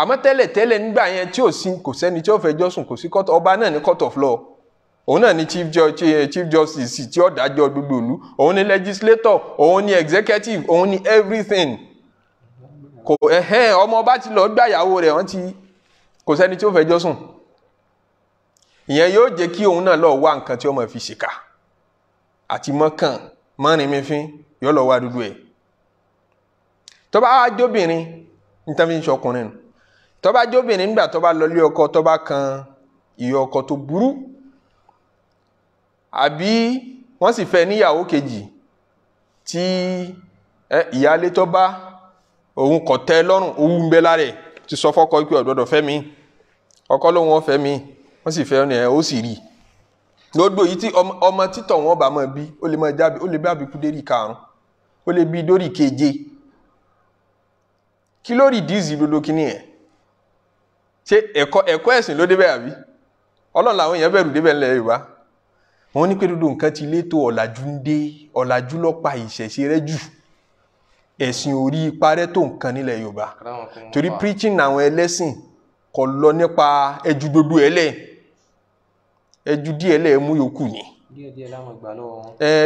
àmọ́ tẹ́lẹ̀ tẹ́lẹ̀ nígbà yẹn tí ò sí kò sẹ́ni tí ó fẹjọ́ sùn kò sí ọba náà ní court of òun náà ni chief judge eh, chief justice tí ó dájọ́ gbogbo ìlú òun ni legislator òun ni executive òun ni everything kò ẹhẹn ọmọ bá ti lọ gbàyàwó rẹ̀ wọ́n ti kò sẹ́ni tí ó fẹjọ́ sùn ìyẹn yóò jẹ́ kí òun náà lọ wá nǹkan tí ó máa fi ṣìkà àti mọ́kàn mọ́rin mẹ́fín yóò lọ wá dúdú ẹ̀ tó bá wá jóbìnrin níta fi ń ṣọkùnrin tó bá jóbìnrin nígbà tó bá lọ lé ọkọ tó bá kan ìyọ ọkọ tó burú àbí wọ́n sì fẹ́ níyàwó kejì tí ìyálé tó bá òun kò tẹ́ lọ́rùn owó ń bẹ lára ẹ̀ ti sọ fọ́kọ pé ọ̀dọ́dọ̀ fẹ́ mi ọkọ lóun wọn fẹ́ mi wọ́n sì fẹ́ ni ẹ̀ ó sì rí gbogbo yìí tí ọmọ títọ̀ wọn bá máa bí ó lè máa jábí ó lè bí àbíkú dérí karùn ó lè bí dórí keje kí ló rí díìzì dodo kíní ẹ̀ ṣé ẹ̀kọ́ ẹ̀kọ́ ẹ̀sìn ló débẹ̀ àbí ọlọ́run làwọn èèyàn bẹ̀rù débẹ̀ ńlẹ̀ Yorùbá wọ́n ní pé dúdú nǹkan ti létò ọ̀làjú ń dé ọ̀làjú lọ́pa ìṣẹ̀ṣe rẹ jù ẹ̀sìn orí ipa tó nǹkan nílẹ̀ yorùbá torí preaching àwọn ẹlẹ́sìn kò lọ nípa ẹjú gbogbo ẹlẹ́ ẹjú díẹ̀ lẹ́ẹ̀ mú yòókù ni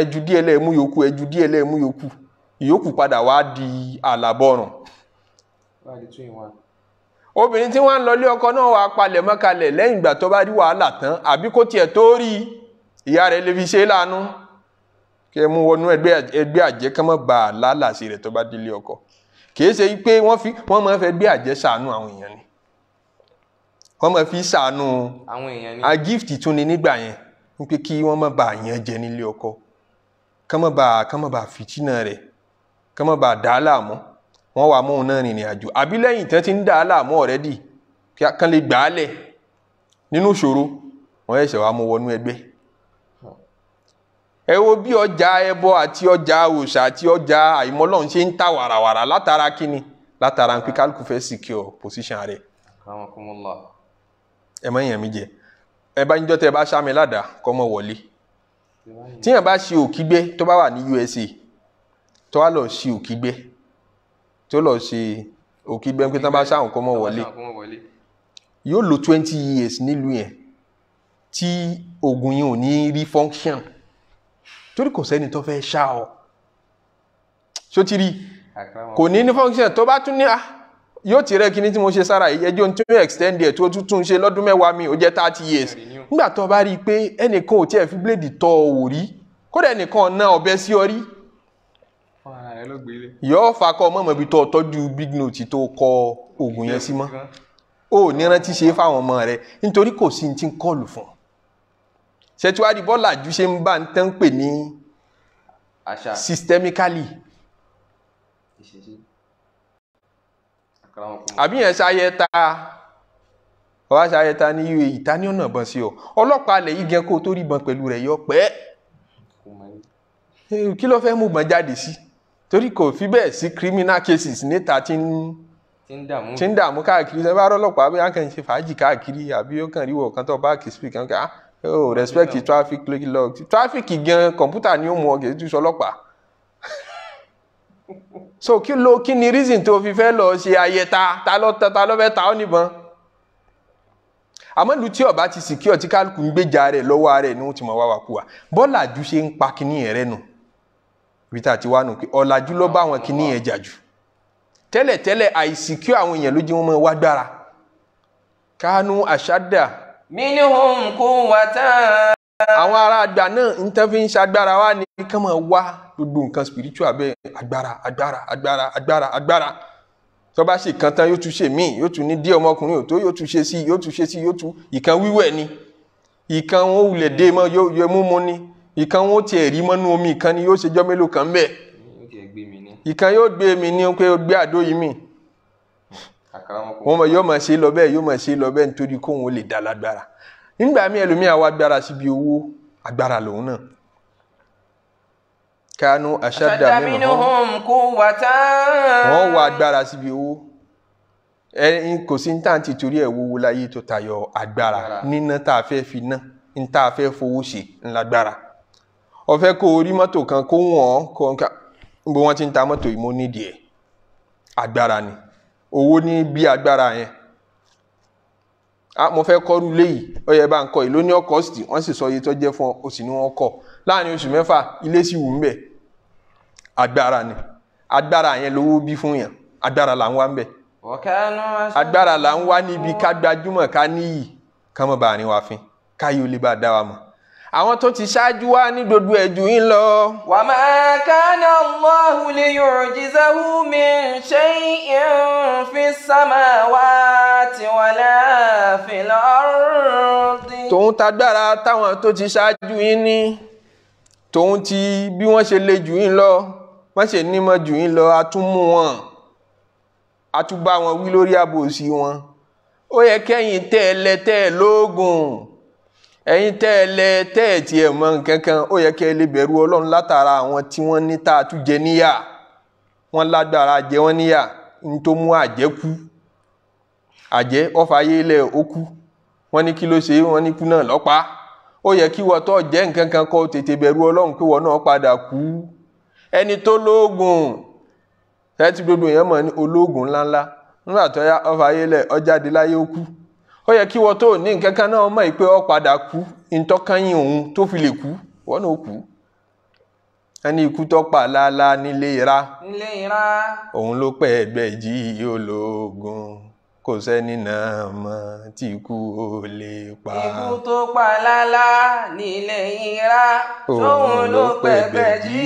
ẹjú díẹ̀ lẹ́ẹ̀ mú yòókù ẹjú díẹ̀ lẹ́ẹ̀ mú yòókù ìyókù padà wá di àlàbọ̀rùn obìnrin tí wọ́n ń lọ lé ọkọ náà wà palẹ̀mọ́ kalẹ̀ lẹ́yìn ìgbà tó bá rí wàhálà tán àbí kó tiẹ̀ tó rí i ìyá rẹ̀ lè fi ṣe é kí ẹ wọnú ẹgbẹ́ àjẹ́ kán mọ́ gba àlálàsí rẹ̀ tó bá délé ọkọ kìí ṣe pé wọ́n fi wọ́n fẹ́ gbé àjẹ́ sànú àwọn èèyàn ni wọ́n fi a gift tún ni nígbà yẹn pé kí wọ́n má ba àyàn jẹ nílé ọkọ kán kán fìtínà rẹ̀ dà á láàmú wọ́n wà mọ́ òun náà rìnrìn àjò àbí lẹ́yìn tán dà á láàmú lè gbà á lẹ̀ ẹ wo bí ọjà ẹbọ àti ọjà òòṣà àti ọjà àìmọ́lọ́run ṣe ń ta wàràwàrà látara kíni látara ń pín kálukú fẹ́ secure position rẹ̀. ẹ mọ èèyàn mi jẹ ẹ bá níjọ́ tẹ ẹ bá sámi ládàá kọ́ mọ́ wọlé tíyàn bá ṣe òkígbé tó bá wà ní USA tó wá lọ ṣe òkígbé tó lọ ṣe òkígbé pé tán bá ṣáwọn kọ́ mọ́ wọlé yóò lo twenty years nílùú yẹn tí oògùn yìí ò ní rí function torí kò sẹ́ni tó fẹ́ ṣá ọ ṣó ti rí kò ní ní function tó bá tún ní à ah, yóò ti rẹ kíní tí mo ṣe sára ìyẹjọ́ tí ó extend ẹ̀ tó tún ṣe lọ́dún mẹ́wàá mi ó jẹ́ thirty years nígbà tó bá rí i pé ẹnìkan ò tiẹ̀ fi bíléèdì tọ́ ọ ò rí kódà ẹnìkan ná ọbẹ̀ sí ọ rí yóò fa kọ́ ọmọ tó tọ́jú big note tó kọ oògùn yẹn sí mọ́ ó ní rántí ṣe fáwọn ọmọ rẹ nítorí kò sí ti ń kọlù fún un ṣẹ́túwádìí bọ́là ju ṣe ń bá ń tán pè ní systemically àbí yẹn ṣayẹta ọwá ṣayẹta ní uae ìtaní ọ̀nà bọ̀n sí ọ ọlọ́pàá lẹ̀ yí gẹ́ kó tó rí bọ̀n pẹ̀lú rẹ̀ yọ pẹ́ kí ló fẹ́ mú bọ̀n jáde sí torí kò fi bẹ́ẹ̀ sí criminal cases níta tí ń tí ń dààmú káàkiri ṣe bá rọ́lọ́pàá bí wọ́n kàn ń ṣe fàájì káàkiri àbí ó kàn ríwọ̀ kan tó bá kìí speak kan kàn Oh respect traffic log traffic gan kọ̀ǹpútà ni ó mú ọ kì í tún sọlọ́pàá so kí ló kí ni reason tó fi fẹ́ lọ ṣe ayẹta ta ló ta ta ló fẹ́ ta ọ́ níbọn àmọ́ ìlú tí ọba ti secure tí kálukú ń gbèjà rẹ̀ lọ́wọ́ rẹ̀ ni ó ti mọ̀ wá wàkúwà bọ́lá ju ṣe ń pa kíní yẹn rẹ̀ nù peter ti wá nù pé ọ̀làjú ló bá àwọn kíní yẹn jà jù tẹ́lẹ̀tẹ́lẹ̀ àìsecure àwọn èèyàn ló jẹ́ wọn mọ́ wá gbára kánú àṣádà minhum quwwatan. àwọn ará àgbà náà ń tẹ́ fi ń ṣagbára wá ní kán máa wá gbogbo nǹkan spiritual bẹ́ẹ̀ agbára agbára agbára agbára agbára tó bá ṣe kan tán yóò tún ṣe míì yóò tún ní díẹ̀ ọmọkùnrin ò tó yóò tún ṣe sí yóò tún ṣe sí yóò tún ìkan wíwẹ̀ ni ìkan wọn ò lè dé mọ́ yóò yẹ múmu ni ìkan wọn ò tiẹ̀ rí mọ́nú omi ìkan ni yóò ṣe jọ́ mélòó kan bẹ́ẹ̀ ìkan yóò gbé mi ní pé ó gbé àdó yìí mìí wọn mọ yóò máa ṣe lọ bẹ́ẹ̀ yóò máa ṣe lọ bẹ́ẹ̀ nítorí kóun ó lè dá lágbára nígbà míì ẹlòmíà wá agbára síbi owó agbára lòun náà kanu aṣáda minhum quwwatan wọn wá agbára síbi owó ẹni kò sí ní tàǹtì torí ẹ̀ wọ́wọ́ láyé tó tayọ agbára níná tá a fẹ́ fi ná ní tá a fẹ́ fowó ṣe ńlágbára ọ̀fẹ́ kó orí mọ́tò kan kó wọ́n kó nǹkan bó wọ́n ti ń ta mọ́tò yìí mo nídìí ẹ̀ agbára ni owó ní bí agbára yẹn mo fẹ́ kọ́rú léyìí ó yẹ bá ń kọ́ ìlóní ọkọ̀ ọ̀sìtì wọ́n sì sọ iye tó jẹ́ fún ọ sì ni wọ́n kọ́ láàrin oṣù mẹ́fà ilé sì wù ń bẹ̀ agbára ni agbára yẹn lówó bí fún yẹn agbára là ń wá ń bẹ̀ agbára là ń wá níbi ká gbajúmọ̀ ká níyì ká mọ̀ bá wa fín káyọ̀ lè bá dá wa mọ̀ àwọn tó ti ṣáájú wá ní gbogbo ẹ̀jú yín lọ. wa ma kana Allahu li yu'jizahu min shay'in fis samawati wala fil ardi. tòun tagbára táwọn tó ti ṣáájú yín ní tòun ti bí wọ́n ṣe le jù yín lọ wọ́n ṣe nímọ̀ jù yín lọ a tún mú wọn a wọn wí lórí àbòsí wọn ó yẹ kẹ́yìn tẹ́ ẹ lẹ́tẹ́ lóògùn ẹ̀yin tẹ́ ẹ lẹ tẹ́ ẹ tiẹ̀ mọ̀ nǹkankan ó yẹ kẹ́ ẹ lè bẹ̀rù Ọlọ́run látara àwọn tí wọ́n ní tá a tún jẹ níyà wọ́n lágbára jẹ wọ́n níyà ń tó mú àjẹ́ kú àjẹ́ ọfà ayélẹ ó kú wọ́n ní kí ló ṣe wọ́n ní kú náà lọ́pàá ó yẹ kí wọ́n tó jẹ́ nǹkankan kó tètè bẹ̀rù Ọlọ́run pé wọ́n náà padà kú ẹni tó lóògùn ẹ ti gbogbo èèyàn mọ̀ ní olóògùn ńláńlá nígbà tó yá ọfà ayélẹ ọjáde láyé ó kú ó yẹ kí wọ́n tó ní nǹkan kan náà mọ̀ pé ó padà kú ntọ́kányìn òun tó fi lè kú wọ́n náà kú ẹni ikú tọ́pà lálá nílé ra òun ló pẹ́ ẹgbẹ́ jí ológun kò sẹ́ni náà mọ̀ tí ikú ò lè pa. ikú tó pa lálá nílé ìra tóun ló pẹ̀pẹ̀ jí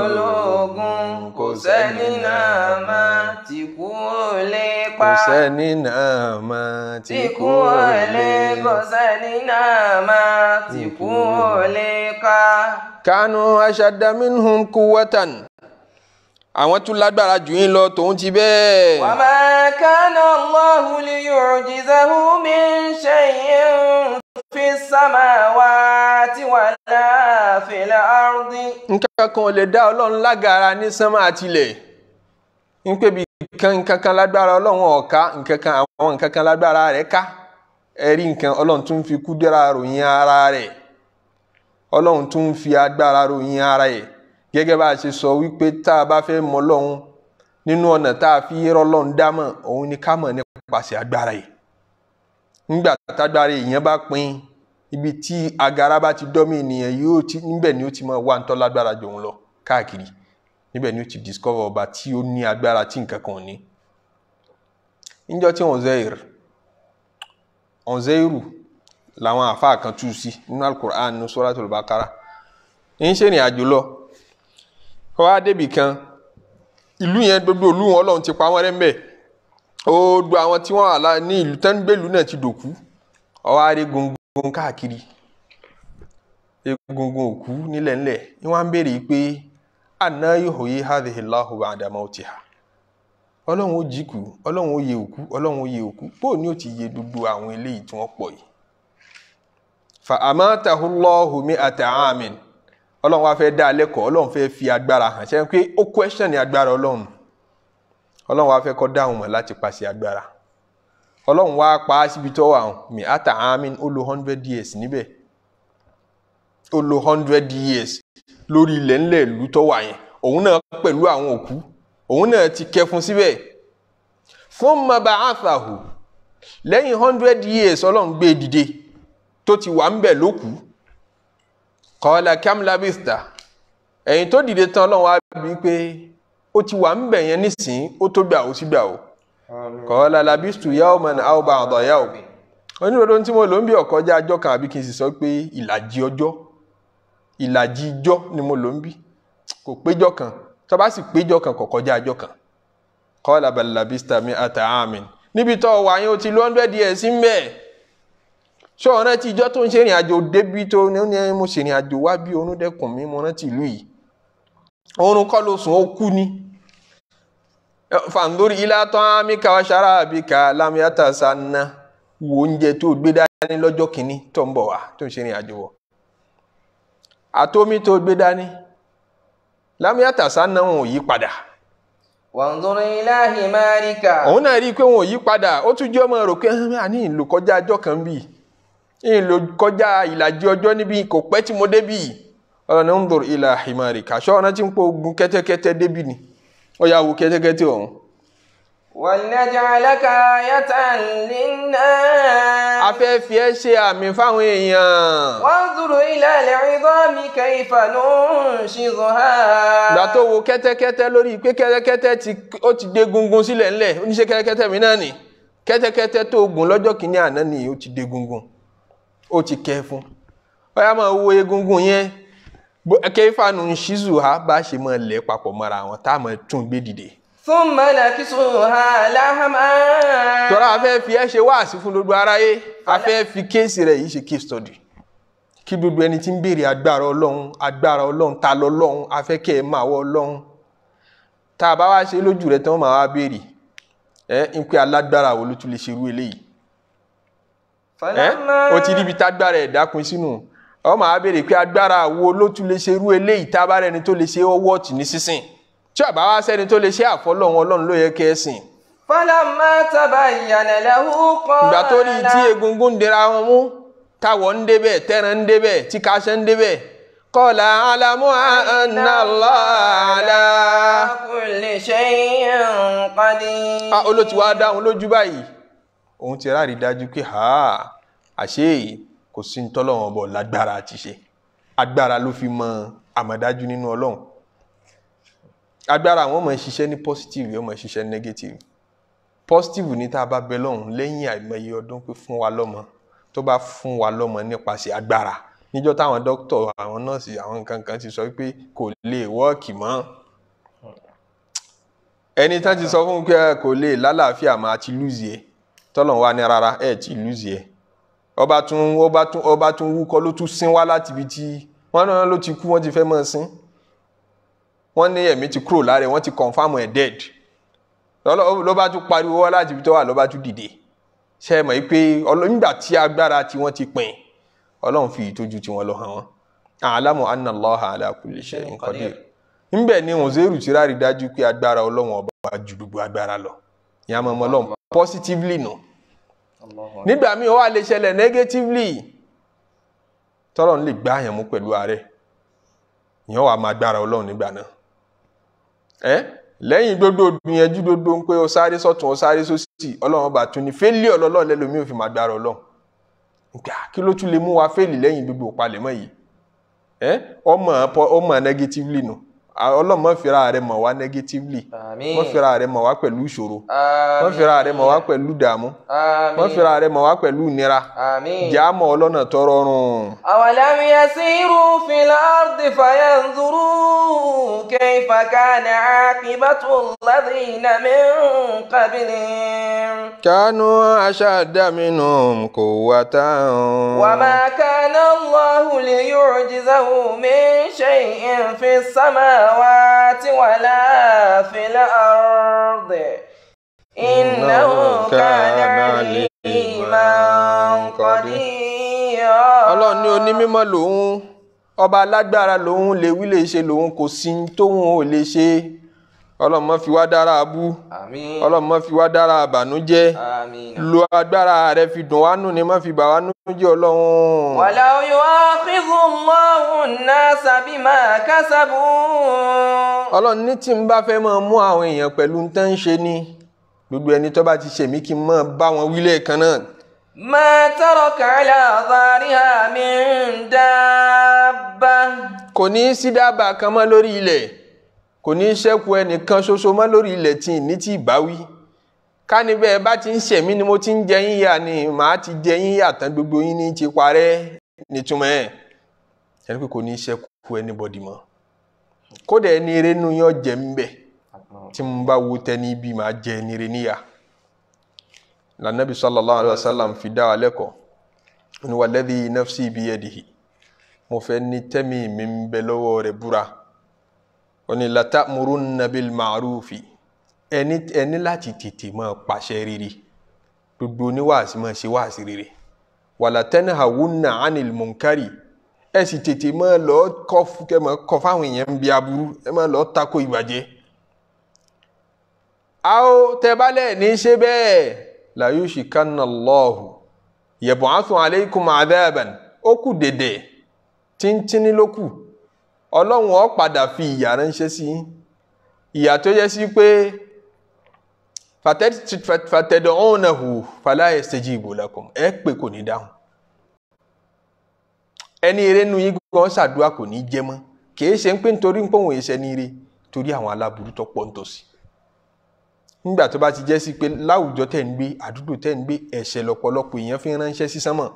ológun kò sẹ́ni náà mọ̀ tí ikú ò lè pa. kò sẹ́ni náà mọ̀ tí ikú ò lè kò sẹ́ni náà mọ̀ tí ikú ò lè pa. kanu ashadda minhum àwọn tún lágbára jù yín lọ tòun ti bẹ́ẹ̀. wa ma kana Allahu li yu'jizahu min shay'in fi samawati wala fil ardi. nǹkan kan ò lè dá ọlọ́run lágara ní sánmà àtilẹ̀ ń pè bí nǹkan kan lágbára ọlọ́run ọ̀ka nǹkan kan àwọn nǹkan kan lágbára rẹ̀ ká ẹ̀rí nǹkan ọlọ́run tún fi kúdẹ́ra ròyìn ara rẹ̀ ọlọ́run tún fi agbára ròyìn ara rẹ̀ gẹ́gẹ́ bá a ṣe sọ wípé tá a bá fẹ́ mọ Ọlọ́run nínú ọ̀nà tá a fi yẹ́rọ Ọlọ́run dámọ̀ òun ni ká mọ̀ nípasẹ̀ agbára yìí nígbà tágbára èèyàn bá pin ibi tí agara bá ti dọ́mí ènìyàn yóò ti níbẹ̀ ni ó ti mọ̀ wá ntọ́ lágbára jòun lọ káàkiri níbẹ̀ ni ó ti discover ọba tí ó ní agbára tí nǹkan kan ní. níjọ́ tí Uzair Uzairu làwọn àfa kan sí nínú Al-Qur'an nínú kọ́ wá débì kan ìlú yẹn gbogbo ìlú wọn ọlọ́run ti pa wọ́n rẹ́ mbẹ́ ó do àwọn tí wọ́n wà ní ìlú tán gbèlú náà ti dòkú ọwọ́ á rí gungun káàkiri egungun òkú nílẹ̀ nílẹ̀ ni wọ́n á béèrè pé àná yòòyè hadhihi Allahu ba'da mawtiha ọlọ́run jìkù ọlọ́run ó òkú ọlọ́run fa ọlọ́run wá fẹ́ dá a lẹ́kọ̀ọ́ ọlọ́run fẹ́ fi agbára hàn ṣe pé ó question ní agbára ọlọ́run ọlọ́run wá fẹ́ kọ́ dáhùn mọ̀ láti pàṣẹ agbára ọlọ́run wá pa á síbi tó wà mí àtà amin ó lo hundred years níbẹ̀ ó lo hundred years lórí ilẹ̀ ńlẹ̀ ìlú tó wà yẹn òun náà pẹ̀lú àwọn òkú òun náà ti kẹfun síbẹ̀ fún maba afahu lẹ́yìn hundred years ọlọ́run gbé e dìde tó ti wà ń bẹ̀ lókùú kọ́lá kam labista ẹ̀yin tó dìde tán ọlọ́run wá bí pé ó ti wà ń bẹ̀ yẹn nísìn ó tó gbà ó sì gbà ó kọ́lá labistu yawman aw ba'da yawm onírúurú tí mo lò ń bí ọ̀kọ́já ajọ́ kan àbí kí n sì sọ pé ìlàjì ọjọ́ ìlàjì ijọ́ ni mo lò ń bí kò péjọ kan tó bá sì péjọ kan kò kọjá ajọ kan kọ́lá balabista mi àtàámin níbi tó wà yín ó ti lọ́ndẹ̀dì ẹ̀ sí mbẹ́ẹ̀ ṣé o rántí ìjọ tó ń ṣe ìrìn àjò débí tó ní ó ní mo ṣe ìrìn àjò wá bí onúdẹkùn mi mo rántí ìlú yìí oorun kọ́ ló sùn ó kú ni fàǹdórí ilá tán ámíkà wá ṣára àbíkà lámìátà sanna wo oúnjẹ tó gbé dání lọ́jọ́ kìíní tó ń bọ̀ wá tó ń ṣe ìrìn àjò wọ̀ àtómi tó gbé dání lámìátà sanna wọn ò yí padà wàǹdúrí láhìmáríkà òun náà rí i pé wọn ò yí padà ó tún jẹ́ ọmọ rò pé àní ìlú kọjá ajọ́ kan bíi ìlò kọjá ìlàjì ọjọ́ níbi kò pẹ́ tí mo débi yìí ọ̀rọ̀ ni ń dòrò ìlà ìmàrè kàṣọ́ ọ̀nà tí ń po ogun kẹ́tẹ́kẹ́tẹ́ débi ni ó yà wò kẹ́tẹ́kẹ́tẹ́ ọ̀hún. wannaj'alaka ayatan linnas. a fẹ́ fi ẹ́ ṣe àmì fáwọn èèyàn. wanzur ila al'idhami kayfa nunshizuha. ìgbà tó wo kẹ́tẹ́kẹ́tẹ́ lórí pé kẹ́tẹ́kẹ́tẹ́ ó ti dé gungun sílẹ̀ ńlẹ̀ oníṣẹ́ kẹ́tẹ́kẹ́tẹ́ mi náà ni kẹ́tẹ́kẹ́tẹ́ tó gùn lọ́jọ́ kìíní àná ni ó ti dé gungun ó ti kẹ́ fún ọyá máa wo egungun yẹn kẹfàánù ṣíṣù ha bá ṣe máa lẹ̀ papọ̀ mọ́ra wọn tá a máa tún gbé dìde. fún mọ́nà kìsù ha láhàmà. tọ́ra afẹ́ fi ẹ́ ṣe wáàsí fún gbogbo aráyé afẹ́ fi kéèsì rẹ̀ yìí ṣe case study kí gbogbo ẹni tí ń béèrè agbára ọlọ́run agbára ọlọ́run ta lọ́lọ́run afẹ́kẹ́ ẹ̀ máa wọ ọlọ́run tá a bá wá ṣe lójú rẹ̀ tí wọ́n máa wá béèrè ẹ̀ ń pẹ́ alágbára wo ló tún lè ṣerú eléyìí Eh? ó ti ríbi tágbára ẹ̀ dákun sínú ọ máa béèrè pé agbára wo ló tún lè ṣe irú eléyìí tábára ẹni tó lè ṣe ọwọ́ tì ní sísìn tí àbá wá sẹ́ni tó lè ṣe àfọlọ́hún ọlọ́run ló yẹ kẹ́ ẹ sìn. fọlọ́mọ tọba ìyànlẹ̀ lẹ́hùn kọ́ ọ̀la. ìgbà tó rí tí egungun ń dira wọn mú táwọ̀ ń débẹ̀ tẹ́ran ń débẹ̀ tí kaṣẹ́ ń débẹ̀ kọ́lá alamu anala ala. kulli shay'in qadir. olótiwá dáhùn lójú báyìí òun ti rárí dájú pé háà àṣé èyí kò sí ní tọ́lọ́run ọbọ̀ lágbára àti ṣe agbára ló fi mọ àmọ̀dájú nínú ọlọ́run agbára àwọn ọmọ ṣiṣẹ́ ní positive ọmọ ṣiṣẹ́ negative positive ní tá a bá bẹ lọ́hùn lẹ́yìn àìmọye ọdún pé fún wa lọ́mọ tó bá fún wa lọ́mọ nípasẹ̀ agbára níjọ́ táwọn dókítà àwọn nọ́ọ̀sì àwọn nǹkan kan ti sọ pé kò lè wọ́ọ̀kì mọ́ ẹni tán ti sọ fún pé kò lè lálàáfíà máa ti lùzì ẹ tọ́lọ̀ wá ní rárá ẹ̀ ti lùzì ẹ̀ ọba tún ọba tún ọba tún wúkọ ló tún sin wá láti ibi tí wọn náà ló ti kú wọn ti fẹ́ mọ́ sin wọn ní ẹ̀mí ti kúrò lára wọn ti confam ẹ̀ dead ló bá tún pariwo wá láti ibi tó wà ló bá tún dìde ṣe é mọ̀ pé nígbà tí agbára tí wọ́n ti pín ọlọ́run fi ìtọ́jú tiwọn lọ hàn wọ́n àlámù anna Allaha ala kulli shay'in qadir ńbẹ̀ ni òǹzẹ́rù ti rárí dájú pé agbára ọlọ́run ọba ju gbogbo agbára lọ ìyá mọ́mọ́ ọlọ́run positively nù. No nígbà míì ó wà lè ṣẹlẹ̀ negatively tọ́rọ̀ ń lè gbá àyàn mú pẹ̀lú ààrẹ ìyẹn wà máa gbára ọlọ́run nígbà náà ẹ lẹ́yìn gbogbo gbìyànjú gbogbo ń pé o sáré sọ̀tún o sáré sósì ọlọ́run ọba tún ni fẹ́lẹ́ ọlọ́run lẹ́lòmíì ò fi máa gbára ọlọ́run gbà kí ló tún lè mú wa fẹ́lì lẹ́yìn gbogbo ìpalẹ̀mọ́ yìí ẹ ọmọ ọmọ negatively nù. No ọlọ́run má fira rẹ mọ̀ wá negatively má fira rẹ mọ̀ wá pẹ̀lú ìṣòro má fira rẹ mọ̀ wá pẹ̀lú ìdààmú má fira rẹ mọ̀ wá pẹ̀lú ìnira jẹ́ á mọ̀ ọlọ́nà tó rọrùn. awalam yasiru fil ardi fayanzuru kayfa kana aqibatu alladhina min qablihim. kanu ashadda minhum quwwatan. wa ma kana Allahu liyu'jizahu min shay'in fis samaa. السماوات ولا في الأرض إنه كان عليما قديرا ọlọ́run ní onímọ̀ lòun ọba alágbára lòun lè lè ṣe lòun kò sí tóun ò lè ṣe ọlọ́run má fi wá dára abú ọlọ́run má fi wá dára àbànújẹ́ lo agbára rẹ fi dùn wá nù ni má fi bà wá nù jẹ́ ọlọ́run. wàlá oyún áfíìsù lọ́hùn náà sàbí máa kásábù. ọlọ́run ní tí n bá fẹ́ máa mú àwọn èèyàn pẹ̀lú ń tán ṣe ni gbogbo ẹni tó bá ti ṣe mí kí n máa bá wọn wílẹ̀ kan náà. ma taraka ala zariha min dabba. kò ní sí dábàá kan mọ́ lórí ilẹ̀ kò ní ṣẹ́kù ẹnìkan ṣoṣo mọ́ lórí ilẹ̀ tí ì ní tí ì bá wí kánibẹ́ bá ti ń ṣẹ̀mí ni mo ti ń jẹ yín yà ni màá ti jẹ yín yà tán gbogbo yín ní ti parẹ́ nítumọ̀ ẹ̀ ẹni pé kò ní í ṣẹ́kù anybody mọ́ kódà ẹni eré nu yọ jẹ́ ń bẹ̀ tí mo bá wo tẹni ibi màá jẹ ẹni eré níyà lànàbí sallallahu alayhi wa sallam fi dá wa lẹ́kọ̀ọ́ ni walladhi nafsi biyadihi mo fẹ́ ní tẹ́mi mi ń bẹ lọ́wọ́ rẹ̀ búra ó ní latamurunna bil ẹni ẹni láti tètè máa pàṣẹ rere gbogbo oníwàásí máa ṣe rere anil munkari ẹ sì tètè máa lọ kọ máa kọ fáwọn èèyàn ń bi aburú ẹ máa lọ tako ìbàjẹ́. tẹ́bálẹ̀ ní í ṣe bẹ́ẹ̀ la yushikanna Allahu yab'athu alaykum adhaban ó kù dèdè tíntínní ló kù ọlọ́run padà fi ìyà ránṣẹ́ sí ìyà fatẹdọ̀ọ́nàhù fàlàyé ṣèjì ìbò lakum ẹ pè kò ní dáhùn ẹni eré nu yín gan ṣàdúrà kò ní jẹ mọ́ kìí ṣe ń pé nítorí ń pòun ìṣẹ́ ní ire torí àwọn aláburú tó pọ̀ ń tòsí nígbà tó bá ti jẹ́ sí pé láwùjọ tẹ̀ ń gbé àdúgbò tẹ̀ ń gbé ẹ̀ṣẹ̀ lọ́pọ̀lọpọ̀ èèyàn fi ránṣẹ́ sí sánmọ̀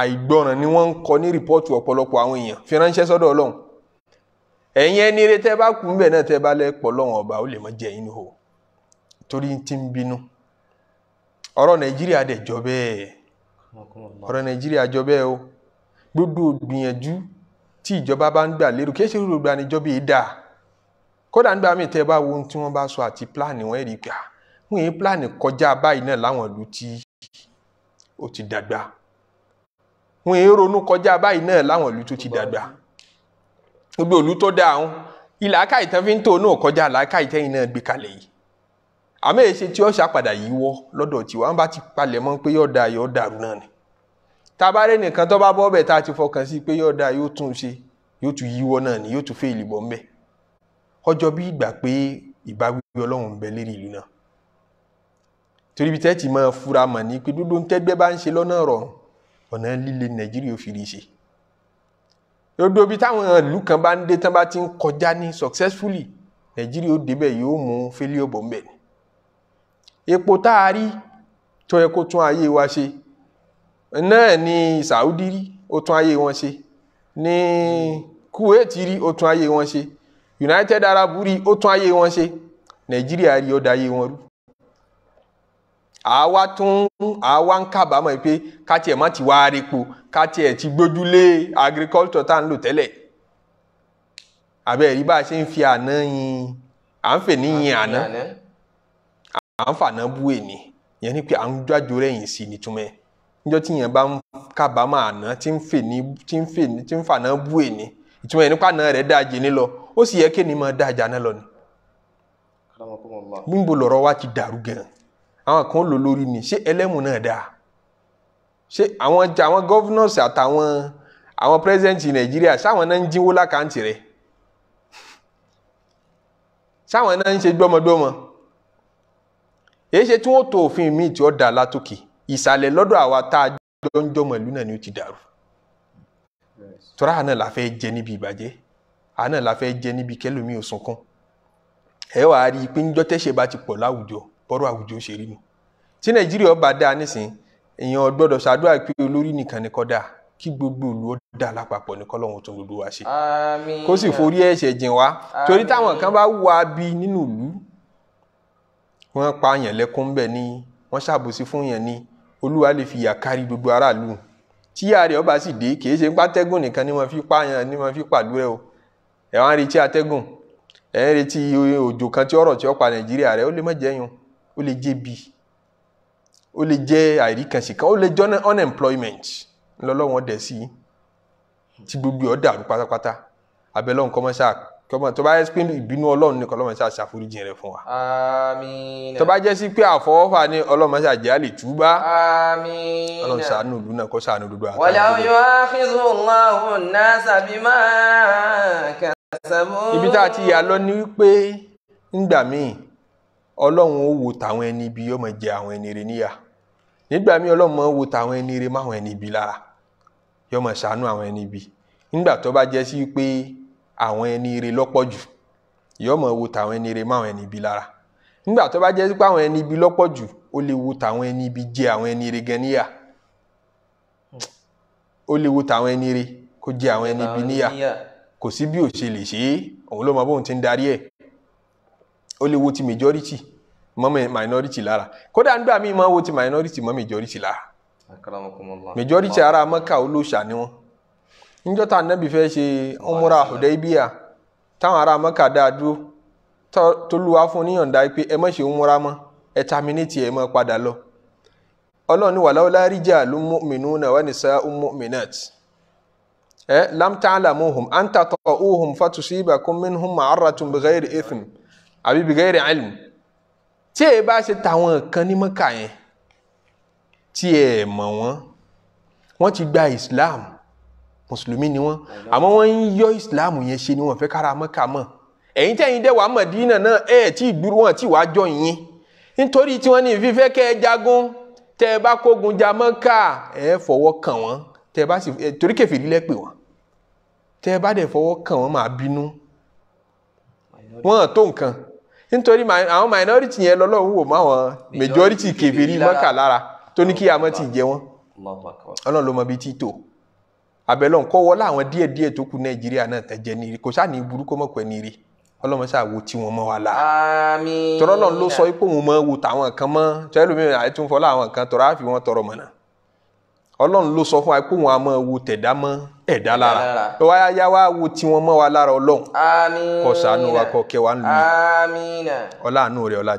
àìgbọràn ni wọ́n ń kọ ní rìpọ́ọ̀tù ọ̀pọ̀lọpọ̀ àwọn èèyàn fi ránṣẹ́ sọ́dọ̀ ọlọ́run ẹ̀yin ẹni ire tẹ́ bá kú ń bẹ̀ náà tẹ́ bá lẹ́pọ̀ lọ́wọ́n ọba ó lè mọ́ jẹ́ yín níhòòhò torí ti ń bínú ọ̀rọ̀ nàìjíríà dẹ̀ jọ bẹ́ẹ̀ ọ̀rọ̀ nàìjíríà jọ bẹ́ẹ̀ o gbogbo gbìyànjú tí ìjọba bá ń gbà lérò kí ṣe gbogbo àníjọba yìí dáa kódà nígbà míì tẹ́ bá wo ohun tí wọ́n bá sọ àti pílánì wọn rí gbà wọ́n yẹn pílánì kọjá báyìí náà láwọn ìlú tí ó ti dàgbà wọ́n yẹn ronú kọjá báyìí náà láwọn ìlú tó ti dàgbà gbogbo ìlú tó dáa ìlàkà ìtàn náà kọjá ìlàkà ìtẹ́yìn náà gbé kalẹ̀ yìí àmọ́ èyí ṣe tí ọ̀ṣà padà yí wọ́ lọ́dọ̀ tiwa wọ́n bá ti palẹ̀ mọ́ pé yọ̀ọ̀dà yọ̀ọ̀ dàrú náà ni tabarẹ́ nìkan tó bá bọ́ ọbẹ̀ tá a ti fọkàn sí pé yọ̀ọ̀dà yóò tún ṣe yóò tún yíwọ́ náà ni yóò tún fẹ́ ìlìbọn mbẹ́ ọjọ́ bí ìgbà pé ìbáwí ọlọ́run ń bẹ lérí ìlú náà torí bí tẹ́tì máa fura mọ̀ ní pé dúdú tẹ́gbẹ́ bá ń ṣe lọ́nà rọrùn ọ̀nà líle nàìjíríà ò fi rí ṣe dodo bí táwọn ìlú kan bá ń dé tán bá ti ń kọjá ní successfully nàìjíríà ó débẹ̀ yóò mú failure bọ̀ mbẹ́ ni epo táàrí tó yẹ kó tún ayé wa ṣe náà ni Saudi rí ó tún ayé wọn ṣe ní Kuwait rí ó tún ayé wọn ṣe United Arab rí ó tún ayé wọn ṣe Nàìjíríà rí ó dayé wọn rú àwa tún àwa ń kábàámọ̀ pé ká tiẹ̀ má ti wá arepo ká tiẹ̀ ti gbójúlé agriculture tá à ń lò tẹ́lẹ̀ àbẹ̀rí bá a ṣe ń fi àná yin à ń fè níyìn àná à ń fànà bú èní yẹn ni pé à ń jájò rẹ̀yìn sí ni túmẹ̀ níjọ́ tí yẹn bá ń kábàámọ̀ àná tí ń fè ní tí ń fè ní tí ń fànà bú èní ìtumọ̀ yẹn nípa àná rẹ̀ dáa jẹ ní lọ ó sì yẹ kéèní máa dáa jẹ àná lọ ni. níbo lọ̀rọ̀ wa ti dàrú gan àwọn kan lò lórí ni ṣé ẹlẹ́mù náà dáa ṣé àwọn àwọn gọ́fínọ̀sì àtàwọn àwọn pírẹ́sẹ̀ǹtì nàìjíríà sáwọn náà ń jínwó lákàntì rẹ̀ sáwọn náà ń ṣe gbọ́mọgbọ́mọ èyí ṣe tí wọ́n tó òfin míì tí ó dà látòkè ìsàlẹ̀ lọ́dọ̀ àwa tá a jọ ń jọmọ ìlú náà ni ó ti dàrú tọ́ra àná la fẹ́ jẹ níbi ìbàjẹ́ àná la fẹ́ jẹ níbi kẹlòmí òsùnkún ẹ wàá rí i pé ńjọ́ tẹ́ṣẹ̀ bá ti pọ̀ láwùjọ bọ́rọ̀ àwùjọ ṣe rí nu tí nàìjíríà bá dáa nísìn èèyàn gbọ́dọ̀ ṣàdúrà pé olórí nìkan ni kọ́ dáa kí gbogbo ìlú ó dà lápapọ̀ ní kọ́lọ́hún tó gbogbo wa ṣe kó sì forí ẹ̀ṣẹ̀ jìn wá torí táwọn kan bá wá bí nínú ìlú wọ́n pa yàn lẹ́kún bẹ́ẹ̀ ni wọ́n ṣàbòsí fún yàn ni olúwa lè fìyà kárí gbogbo aráàlú tí ààrẹ ọba sì dé kì í ṣe pátẹ́gùn nìkan ni wọ́n fi pa yàn ni wọ́n fi pàlú rẹ o ẹ̀ wọ́n á retí atẹ́gùn ẹ̀ ń retí òjò kan tí ọ̀rọ̀ tí ó pa nàìjíríà rẹ ó lè má jẹyàn ó lè jẹ̀bi ó lè jẹ́ àìríkànṣe kan ó lè jẹ́ unemployment ńlọ́lọ́wọ́n dẹ̀ sí tí gbogbo ọ̀ dàrú pátápátá abẹ́lọ́nkọ́mọ́sáà kọmọ tó bá yẹ pé ìbínú Ọlọ́run ni kọlọmọ ṣáà ṣàforíjì rẹ fún wa. àmín. tó bá jẹ́ sí pé àfọwọ́fà ni Ọlọ́run ṣáà jẹ́ àlè túbá. àmín. Ọlọ́run ṣàánú ìlú náà kó ṣàánú dúdú àtàwọn. wala yu'akhizu Allahu an-nasa bima kasabu. ibi tá a ti yà lọ ni wípé ńgbà míì Ọlọ́run ó wo tàwọn ẹni ibi yóò máa jẹ àwọn ẹni rẹ níyà nígbà míì Ọlọ́run máa wo tàwọn ẹni rẹ máwọn ẹni àwọn ẹni ire lọ́pọ̀ jù yóò mọ̀ wo tàwọn ẹni ire máwọn ẹni ibi lára nígbà tó bá jẹ́ pé àwọn ẹni ibi lọ́pọ̀ jù ó lè wo tàwọn ẹni ibi jẹ àwọn ẹni ire gan níyà ó lè wo tàwọn ẹni ire kó jẹ àwọn ẹni ibi níyà kò sí bí ò ṣe lè ṣe é òun ló mọ bóun ti ń darí ẹ̀ ó lè wo ti majority mọ́ minority lára kódà nígbà míì máa wo ti minority mọ́ majority lára majority ara mọ́kà olóṣà ni wọ́n níjọ́ tá ànábì fẹ́ ṣe ọmúra Hudaybiya táwọn ará Mẹ́kà dáa dúró tólúwa fún níyànda pé ẹ má ṣe ọmúra mọ́ ẹ tàmínítì ẹ má padà lọ ọlọ́run ní wàláwọlá rijalun mu'minuna wa nisa'un mu'minat ẹ lam ta'lamuhum an tata'uhum fatusibakum minhum ma'arratun bighayri ithm àbí bighayri ilm tí ẹ bá ṣe tàwọn kan ní Mẹ́kà yẹn tí ẹ mọ̀ wọ́n wọ́n ti gba Islam mùsùlùmí ni wọ́n àmọ́ wọ́n ń yọ ìsìláàmù yẹn ṣe ni wọ́n fẹ́ kára mọ́ka mọ́ ẹ̀yin tẹ̀yin dẹ̀ wà mọ̀dínà náà ẹ̀ tí ìgbúrú wọn tí wàá jọ yín nítorí tí wọ́n ní ìfífẹ́ kẹ́ ẹ jagun tẹ́ ẹ bá kógun ja mọ́ka ẹ fọwọ́ kàn wọ́n tẹ́ ẹ bá sì torí kẹfìrí lẹ́ pè wọ́n tẹ́ ẹ bá dẹ̀ fọwọ́ kàn wọ́n máa bínú wọ́n tó nǹkan nítorí àwọn minority yẹn lọ́lọ́run wò mọ́ àwọn majority kẹfìrí mọ́ka lára tó ní kí a mọ́ ti jẹ wọ́n ọlọ́run ló mọ bíi títò abẹ́lọ́n kọ́ wọlé àwọn díẹ̀ díẹ̀ tó kù nàìjíríà náà tẹ̀jẹ̀ ní rí kò sáà ní burúkú mọ̀pẹ́ ní rí ọlọ́run ṣáà wo tí wọ́n mọ́ wa la. àmín. tọ́rọ́ lọ́n ló sọ pé òun máa wo tàwọn kan mọ́ tẹ́lẹ̀ mi àyè tún fọlá àwọn kan tọrọ àfi wọn tọrọ mọ̀nà. ọlọ́run ló sọ fún wa pé òun á máa wo tẹ̀dá mọ́ ẹ̀dá lára wá yá wá wo tí wọ́n mọ́ wa lára ọlọ́run. àmín. wa kó wa ń lù. àmín. ọlá àánú rẹ̀ ọlá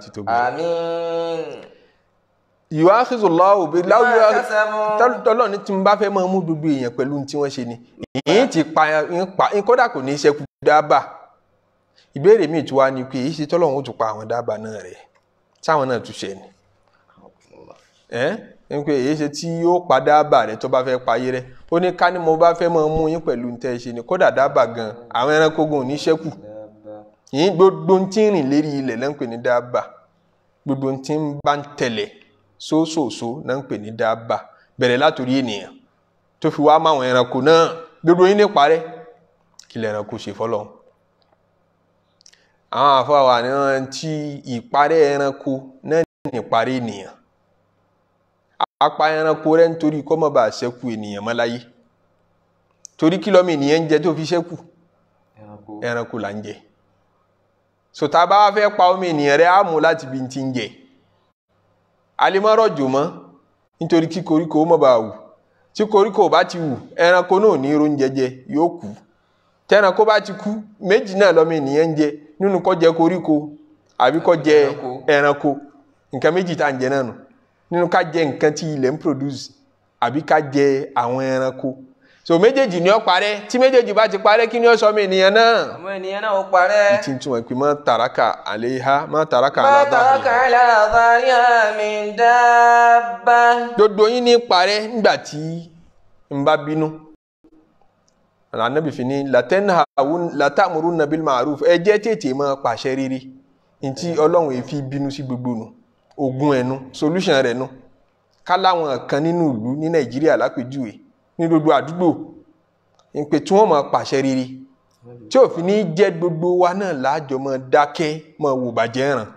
ìwà àkìsọ̀láwò bí láwùjọ tọ́lọ̀ ní tí n bá fẹ́ máa mú gbogbo èèyàn pẹ̀lú tí wọ́n ṣe ni èyí ti pa kódà kò ní í ṣẹ́kù dábàá ìbéèrè míì tí wàá ní pé èyí ṣe tọ́lọ̀ wọn ò tún pa àwọn dábàá náà rẹ̀ táwọn náà tún ṣe ni ẹ́ ń pé èyí ṣe tí yóò pa dábàá rẹ̀ tó bá fẹ́ payé rẹ̀ ó ní ká ní mo bá fẹ́ máa mú yín pẹ̀lú tẹ́ ṣe ni kódà dábàá gan àwọn ẹranko gan ò ní ṣẹ́kù yìí gbogbo tí ń rìn lérí ilẹ̀ lẹ́ ń dábàá gbogbo tí ń bá ń tẹ̀lẹ̀ sóòsòòsò náà ń pè ní dábà bẹ̀rẹ̀ látòrí ènìyàn tó fi wá máwọn ẹranko náà gbogbo yín lè parẹ́ kí lè ẹranko ṣe fọlọ́ àwọn àfọwà náà ti ìparẹ́ ẹranko náà ní ìparẹ́ ènìyàn apá ẹranko rẹ nítorí kó má bàa ṣẹ́kù ènìyàn mọ́ láyé torí kí lọ́mọ ènìyàn ń jẹ tó fi ṣẹ́kù ẹranko là ń jẹ sọ̀tà bá fẹ́ pa ọmọ ènìyàn rẹ á mú láti bí ti ń jẹ a lè má rọ̀jò mọ́ nítorí kí koríko má bàa wù tí koríko bá ti wù ẹranko náà ní irun jẹjẹ yóò kú tẹranko bá ti kú méjì náà lọ́mọ ènìyàn ń jẹ nínú kó jẹ koríko àbí kó jẹ ẹranko nǹkan méjì tá à ń jẹ náà nínú ká jẹ nǹkan tí ilẹ̀ ń produce àbí ká jẹ àwọn ẹranko so méjèèjì ni ó parẹ́ tí méjèèjì bá ti parẹ́ kí ni ó sọ ọmọ ènìyàn náà. ọmọ ènìyàn náà ó parẹ́. ìtì ń túmọ̀ pé má tàràkà àléhá má tàràkà aláàbáyé. má tàràkà aláàbáyé mi dábà. dodo yín ní parẹ́ nígbà tí n bá bínú. ni fi ní látàmúrú nabil maruf ẹ jẹ́ tètè máa pàṣẹ rere ntí ọlọ́run èéfi bínú sí gbogbo ogun ẹnu solution kan nínú ìlú ní nàìjíríà lápèjúwe. ní gbogbo àdúgbò ìpè tí wọ́n máa pàṣẹ rere tí òfin ní jẹ́ gbogbo wa náà láàjọ mọ́ dákẹ́ mọ́ wò bàjẹ́ ràn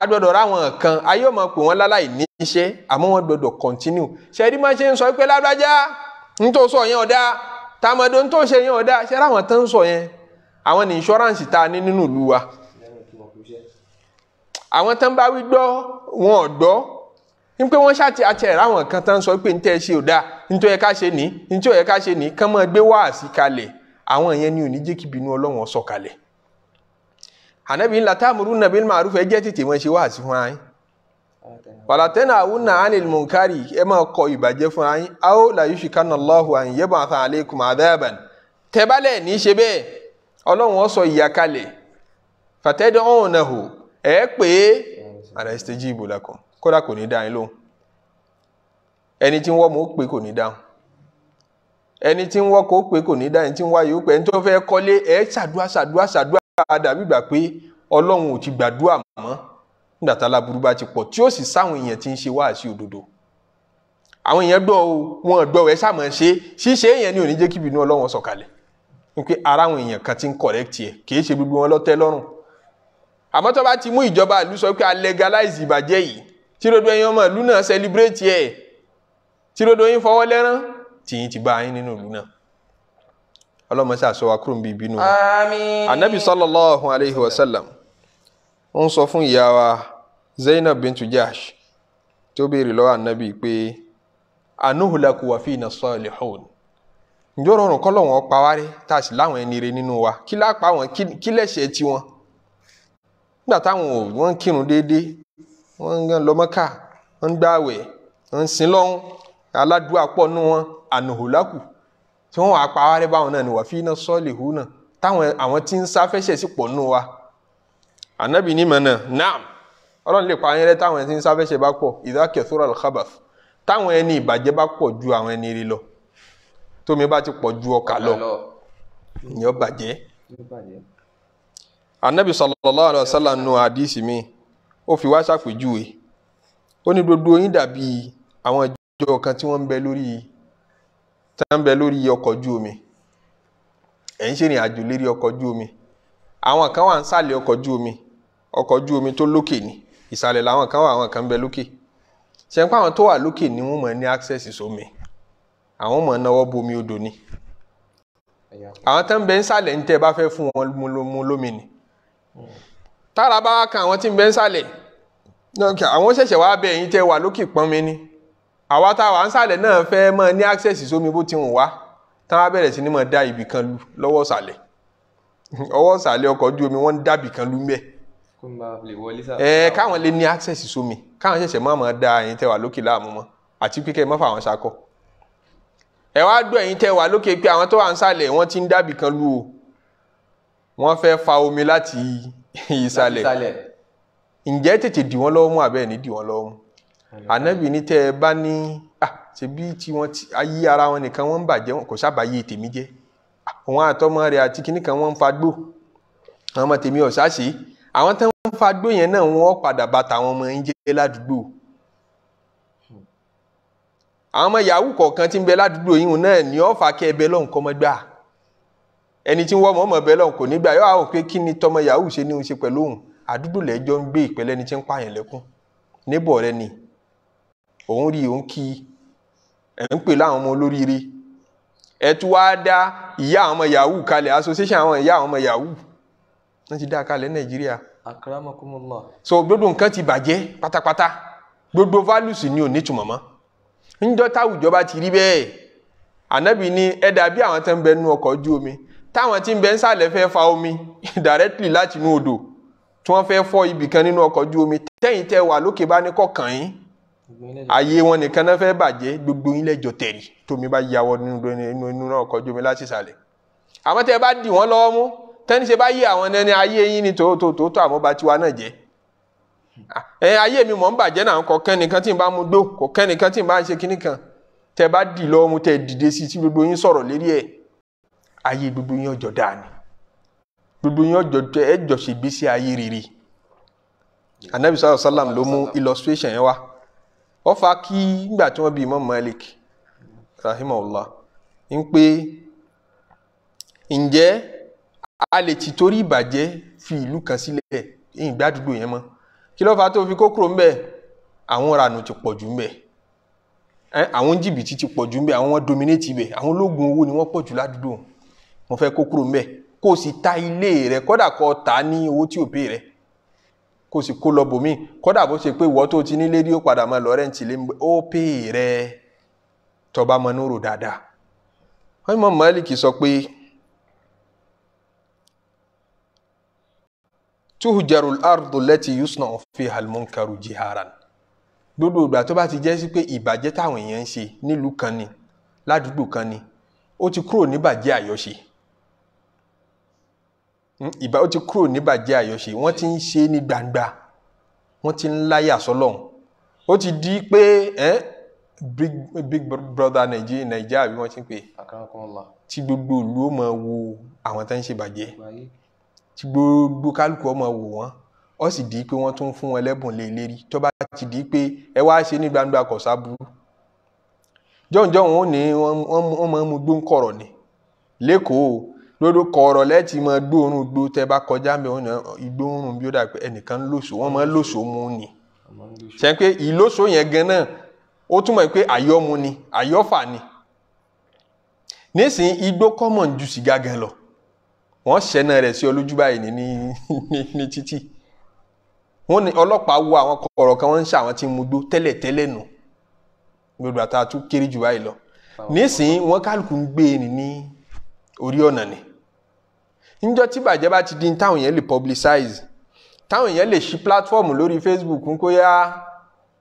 a gbọ́dọ̀ ráwọn kan ayé ọmọ pè wọ́n láláì níṣẹ́ àmọ́ wọ́n gbọ́dọ̀ continue ṣẹ́rí máa ṣe ń sọ pé lágbájá ń tó sọ yẹn ọ̀dá tàmọ̀dọ̀ ń tó ṣe yẹn ọ̀dá ṣẹ́rí àwọn tó ń sọ yẹn àwọn ní insurance tá a ní nínú ìlú wa àwọn tó ń bá wí gbọ́ wọn ò nípé wọ́n ṣáà ti àti kan tán sọ pé ń tẹ́ ẹ ṣe ò dáa ká ṣe ní ká ṣe ní kán mọ́ gbé kalẹ̀ àwọn yẹn ni ò ní jẹ́ kí bínú ọlọ́run ó sọ̀kalẹ̀. ànábì ńlá táàmùrú nàbí màrúf ẹ jẹ́ tètè ṣe fún ayín. pàlàtẹ́nà àwọn náà á ẹ máa kọ ìbàjẹ́ fún a la lọ́hùn kódà kò ní dá yín lóhùn ẹni tí ń wọ́ mo pè kò ní dáhùn ẹni tí ń wọ́ kò pè kò ní dáhùn ẹni tí ń wá yìí ó pè ẹni tó fẹ́ kọ́lé ẹ̀ ṣàdúrà ṣàdúrà ṣàdúrà dàbí ìgbà pé ọlọ́run ò ti gbàdúrà mọ́ nígbà tá láburú bá ti pọ̀ tí ó sì sáwọn èèyàn ti ń ṣe wáàsí òdodo àwọn èèyàn gbọ́ o wọn gbọ́ ẹ ṣàmọ̀ ṣe ṣíṣe èèyàn ni ò ní jẹ́ kí ìbínú ọlọ́run sọ̀kalẹ̀ wípé ara àwọn èèyàn kan ti ń kọ̀rẹ́kì ẹ̀ kì í ṣe gbogbo wọn lọ́tẹ́ lọ́rùn àmọ́ tó bá ti mú ìjọba ìlú sọ pé a legalize ìbàjẹ́ yìí tí rodo ẹ̀yin ọmọ ìlú náà celebrate ẹ̀ tí rodo ẹ̀yin fọwọ́ lẹ́rán ti bá yín nínú ìlú náà ọlọ́mọ kúrò ń ìbínú anabi sallallahu alayhi wa sallam ń sọ fún ìyá zainab bintu Jash tí ó béèrè lọ́wọ́ anabi pé anuhulaku wa ǹjọ́ rọrùn kọ́ wa kí lápá wọn kí wọ́n ń lọ Mẹ́kà wọ́n ń gbààwẹ̀ wọ́n ń sin lọ́hún aládùúgbò pọ̀ nù wọn ànàhólákù tí wọ́n wàá pa wárẹ́ báwọn náà ni wàá fi iná sọ́ọ̀lì hù náà táwọn àwọn tí ń sáfẹ́ṣẹ̀ sí pọ̀ nù wa ànábì ní mọ̀ náà naam ọlọ́run lè pa ayẹyẹ táwọn ẹni tí ń sáfẹ́ṣẹ̀ bá pọ̀ idha kathura al-khabath táwọn ẹni ìbàjẹ́ bá pọ̀ ju àwọn ẹni rí lọ tómi bá ti pọ̀ ju ọkà lọ ìyẹn bàjẹ́ ànábì sallallahu alaihi wasallam nù hadisi mi ó fi wá ṣàpèjúwe ó ní gbogbo yín dàbí àwọn ìjọ kan tí wọ́n ń bẹ lórí tí wọ́n ń bẹ lórí ọkọ̀ ojú omi ẹ̀ ń ṣèrìn àjò lérí ọkọ̀ ojú omi àwọn kan wà ń sàlẹ̀ ọkọ̀ ojú omi ọkọ̀ ojú omi tó lókè ni ìsàlẹ̀ làwọn kan wà àwọn kan ń bẹ lókè ṣe ń pa àwọn tó wà lókè ni wọ́n mọ̀ ní access sómi àwọn mọ̀ náwó bomi odò ni àwọn tó ń bẹ ń sàlẹ̀ ń tẹ́ bá fẹ́ fún wọn mú lómi ni tára bá kan àwọn tí ń bẹ ń sàlẹ̀ àwọn ṣẹ̀ṣẹ̀ wá bẹ ẹ̀yin tẹ wà lókè pọ́nmi ni àwa táwa ń sàlẹ̀ náà fẹ́ máa ní access sómi bó ti wù wá táwọn á bẹ̀rẹ̀ sí ni máa dá ibì kan lu lọ́wọ́ sàlẹ̀ ọwọ́ sàlẹ̀ ọkọ̀ ojú omi wọ́n ń dábì kan lu mẹ́ẹ̀ ẹ káwọn lè ní access sómi káwọn ṣẹ̀ṣẹ̀ máa máa da ẹ̀yin tẹ́ wà lókè láàmú mọ́ àti pé kẹ́ ẹ má fà wọn ṣakọ. ẹ wá dùn ẹ̀yin tẹ́ wà lókè pé àwọn tó wà ń sàlẹ̀ wọ́n ti ń dàbí kan lu o wọ́n fẹ́ fa omi láti ìsàlẹ̀ ǹjẹ́ tètè dì wọ́n lọ́wọ́ mú àbẹ́ ní dì wọ́n lọ́wọ́ bá ní à tí wọ́n ayé ara wọn nìkan wọ́n ń bàjẹ́ kò sábàáyé tèmi jẹ́ àwọn rẹ̀ àti kinní kan wọ́n ń fagbó àwọn ọmọ àwọn ń fagbó yẹn náà wọ́n padà bàtà àwọn ọmọ ń ládùúgbò àwọn ọmọ yahoo kọ̀ọ̀kan tí ń ẹni tí wọ́n mọ̀ọ́mọ̀ bẹ́ẹ̀ lọ́hùn kò ní gbà yóò àwọn pé kí ni tọmọ yahoo ṣe ní oṣù pẹ̀lú òun àdúgbò lẹ́jọ́ ń gbé ìpẹ́lẹ́ ẹni tí ń pààyàn lẹ́kún níbọ̀ rẹ ni òun rí òun kí ẹ̀ ń pè láwọn ọmọ olóríire ẹ tún wá dá ìyá àwọn ọmọ yahoo kalẹ̀ association àwọn ìyá àwọn ọmọ yahoo wọ́n ti dá kalẹ̀ nàìjíríà. akramakumullah. so gbogbo nǹkan ti bàjẹ́ pátápátá gbogbo values ni ò ní tùmọ̀ mọ́ ńjọ́ táwùjọ bá ti rí bẹ́ẹ̀ ànábì ni ẹ dàbí táwọn tí ń bẹ ń sàlẹ̀ fẹ́ fa omi directly láti inú odò tí wọ́n fẹ́ fọ́ ibì kan nínú ọkọ̀ ojú omi tẹ́yìn tẹ́ wà lókè bá ní kọ̀ọ̀kan yín ààyè wọn nìkan náà fẹ́ bàjẹ́ gbogbo yín lẹ́jọ tẹ̀rì tómi bá yàwọ nínú ọkọ̀ ojú omi láti sàlẹ̀ àmọ́ tẹ́ bá dì wọ́n lọ́wọ́ mú tẹ́ni ṣe bá yí àwọn ẹni ayé yín ní tòótọ́ tòótọ́ àmọ́ bá tiwa náà jẹ́ ẹ ayé mi mọ̀ ń bàjẹ́ náà kọ̀ kẹ́nìkan tí n bá mu dó kọ̀ kẹ́nìkan tí n bá ń ṣe kinní kan tẹ́ bá dì lọ́wọ́ mú ayé gbogbo yín ọjọ́ dáa ni gbogbo yín ọjọ́ ẹjọ́ ṣègbésí ayé rere anabi sallallahu alayhi wa sallam ló mú illustration yẹn wá wọ́n fa kí nígbà tí wọ́n bí Imam Malik rahimahullah pé ǹjẹ́ a lè ti torí ìbàjẹ́ fi ìlú kan sílẹ̀ ní ìgbàdúgbò yẹn mọ́ kí ló fà tó fi àwọn ti pọ̀ jù àwọn jìbìtì ti pọ̀ jù àwọn àwọn ológun mo fẹ kó kúrò kó o sì rẹ kọ ní owó tí kó o sì kó lọ bòmí kódà bó ṣe pé ti nílé rí o padà máa lọ lé mbẹ́ ó rẹ tọba mọ núrò dáadáa wọ́n mọ̀ Málìkì sọ pé tuhujaru ardu lẹ́tì jiharan gbogbo ìgbà tó bá ti jẹ́ sí pé ìbàjẹ́ táwọn èèyàn ń ṣe nílùú kan ni ládùúgbò Hmm? ìbá ó ti kúrò níbàjẹ́ àyọ̀ṣe wọ́n ti ń ṣe ní gbangba wọ́n ti ń láyà sọ́lọ́hún ó ti di pé eh, big, big brother Nigeria bí wọ́n ti ń pè tí gbogbo ìlú ó máa wo àwọn tó ń ṣe bàjẹ́ tí gbogbo kálukú ó máa wò wọ́n ó sì di pé wọ́n tún fún wọn lẹ́bùn lé tó bá ti di pé ẹ wá ṣe ní gbangba kò sábúrú jọ̀ǹjọ̀ǹ wọn ní wọ́n máa ń mú gbóǹkọ̀rọ̀ ni lẹ́kọ̀ọ́ lórúkọ ọ̀rọ̀ lẹ́tì máa gbóòórùn gbó tẹ́ bá kọjá mẹ́wọ́n náà ìgbóòórùn bí ó dà pé ẹnìkan lóṣò wọ́n máa lóṣò mu ni ṣe pé ìlóṣò yẹn gan náà ó túmọ̀ pé àyọ́mu ni àyọ́fà ni nísìnyí igbó kọ́mọ̀ ju sìgá gan lọ wọ́n ṣẹ́nà rẹ̀ sí olójú báyìí ní ní títì wọ́n ní ọlọ́pàá wo àwọn ọ̀rọ̀ kan wọ́n ń ṣe tí ń mugbó tẹ́lẹ̀ tẹ́lẹ̀ nù gbogbo àtàtú kéré jù báyìí lọ nísìnyí wọ́n kálukú ń gbé e ni ní orí ọ̀nà ni níjọ́ tí bàjẹ́ bá ti di táwọn yẹn lè publicize táwọn yẹn lè ṣí platform lórí Facebook ń kó yá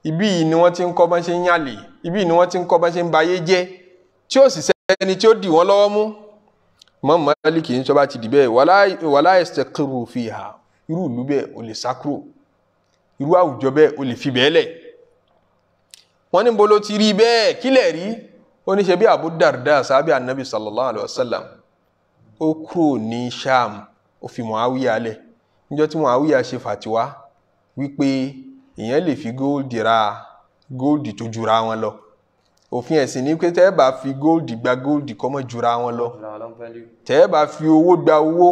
ibí yìí ni wọ́n ti ń kọ́ bọ́n ṣe ń yàlè ibí yìí ni wọ́n ti ń kọ́ bọ́n ṣe ń bayé jẹ́ tí ó sì sẹ́ni tí ó dì wọ́n lọ́wọ́ mú mọ́ Málíkì ń sọ bá ti dì bẹ́ẹ̀ wàlá ẹ̀sẹ̀ kúrò fi hà irú ìlú bẹ́ẹ̀ ò lè sá kúrò irú àwùjọ bẹ́ẹ̀ ò lè fi bẹ́ẹ̀ lẹ̀ wọ́n ní bolo ti rí bẹ́ẹ̀ kílẹ̀ rí ó ní ṣe bí Abu Darda sábẹ́ anabi sallallahu alayhi wa sallam ó kúrò ní sham ó fi muawiya lẹ̀ níjọ́ tí muawiya ṣe fàtiwá wípé èèyàn lè fi góòdì ra góòdì tó jura wọn lọ òfin ẹ̀sìn ní pé tẹ́ẹ̀ bá fi góòdì gba góòdì kọ́mọ jura wọn lọ tẹ́ẹ̀ bá fi owó gba owó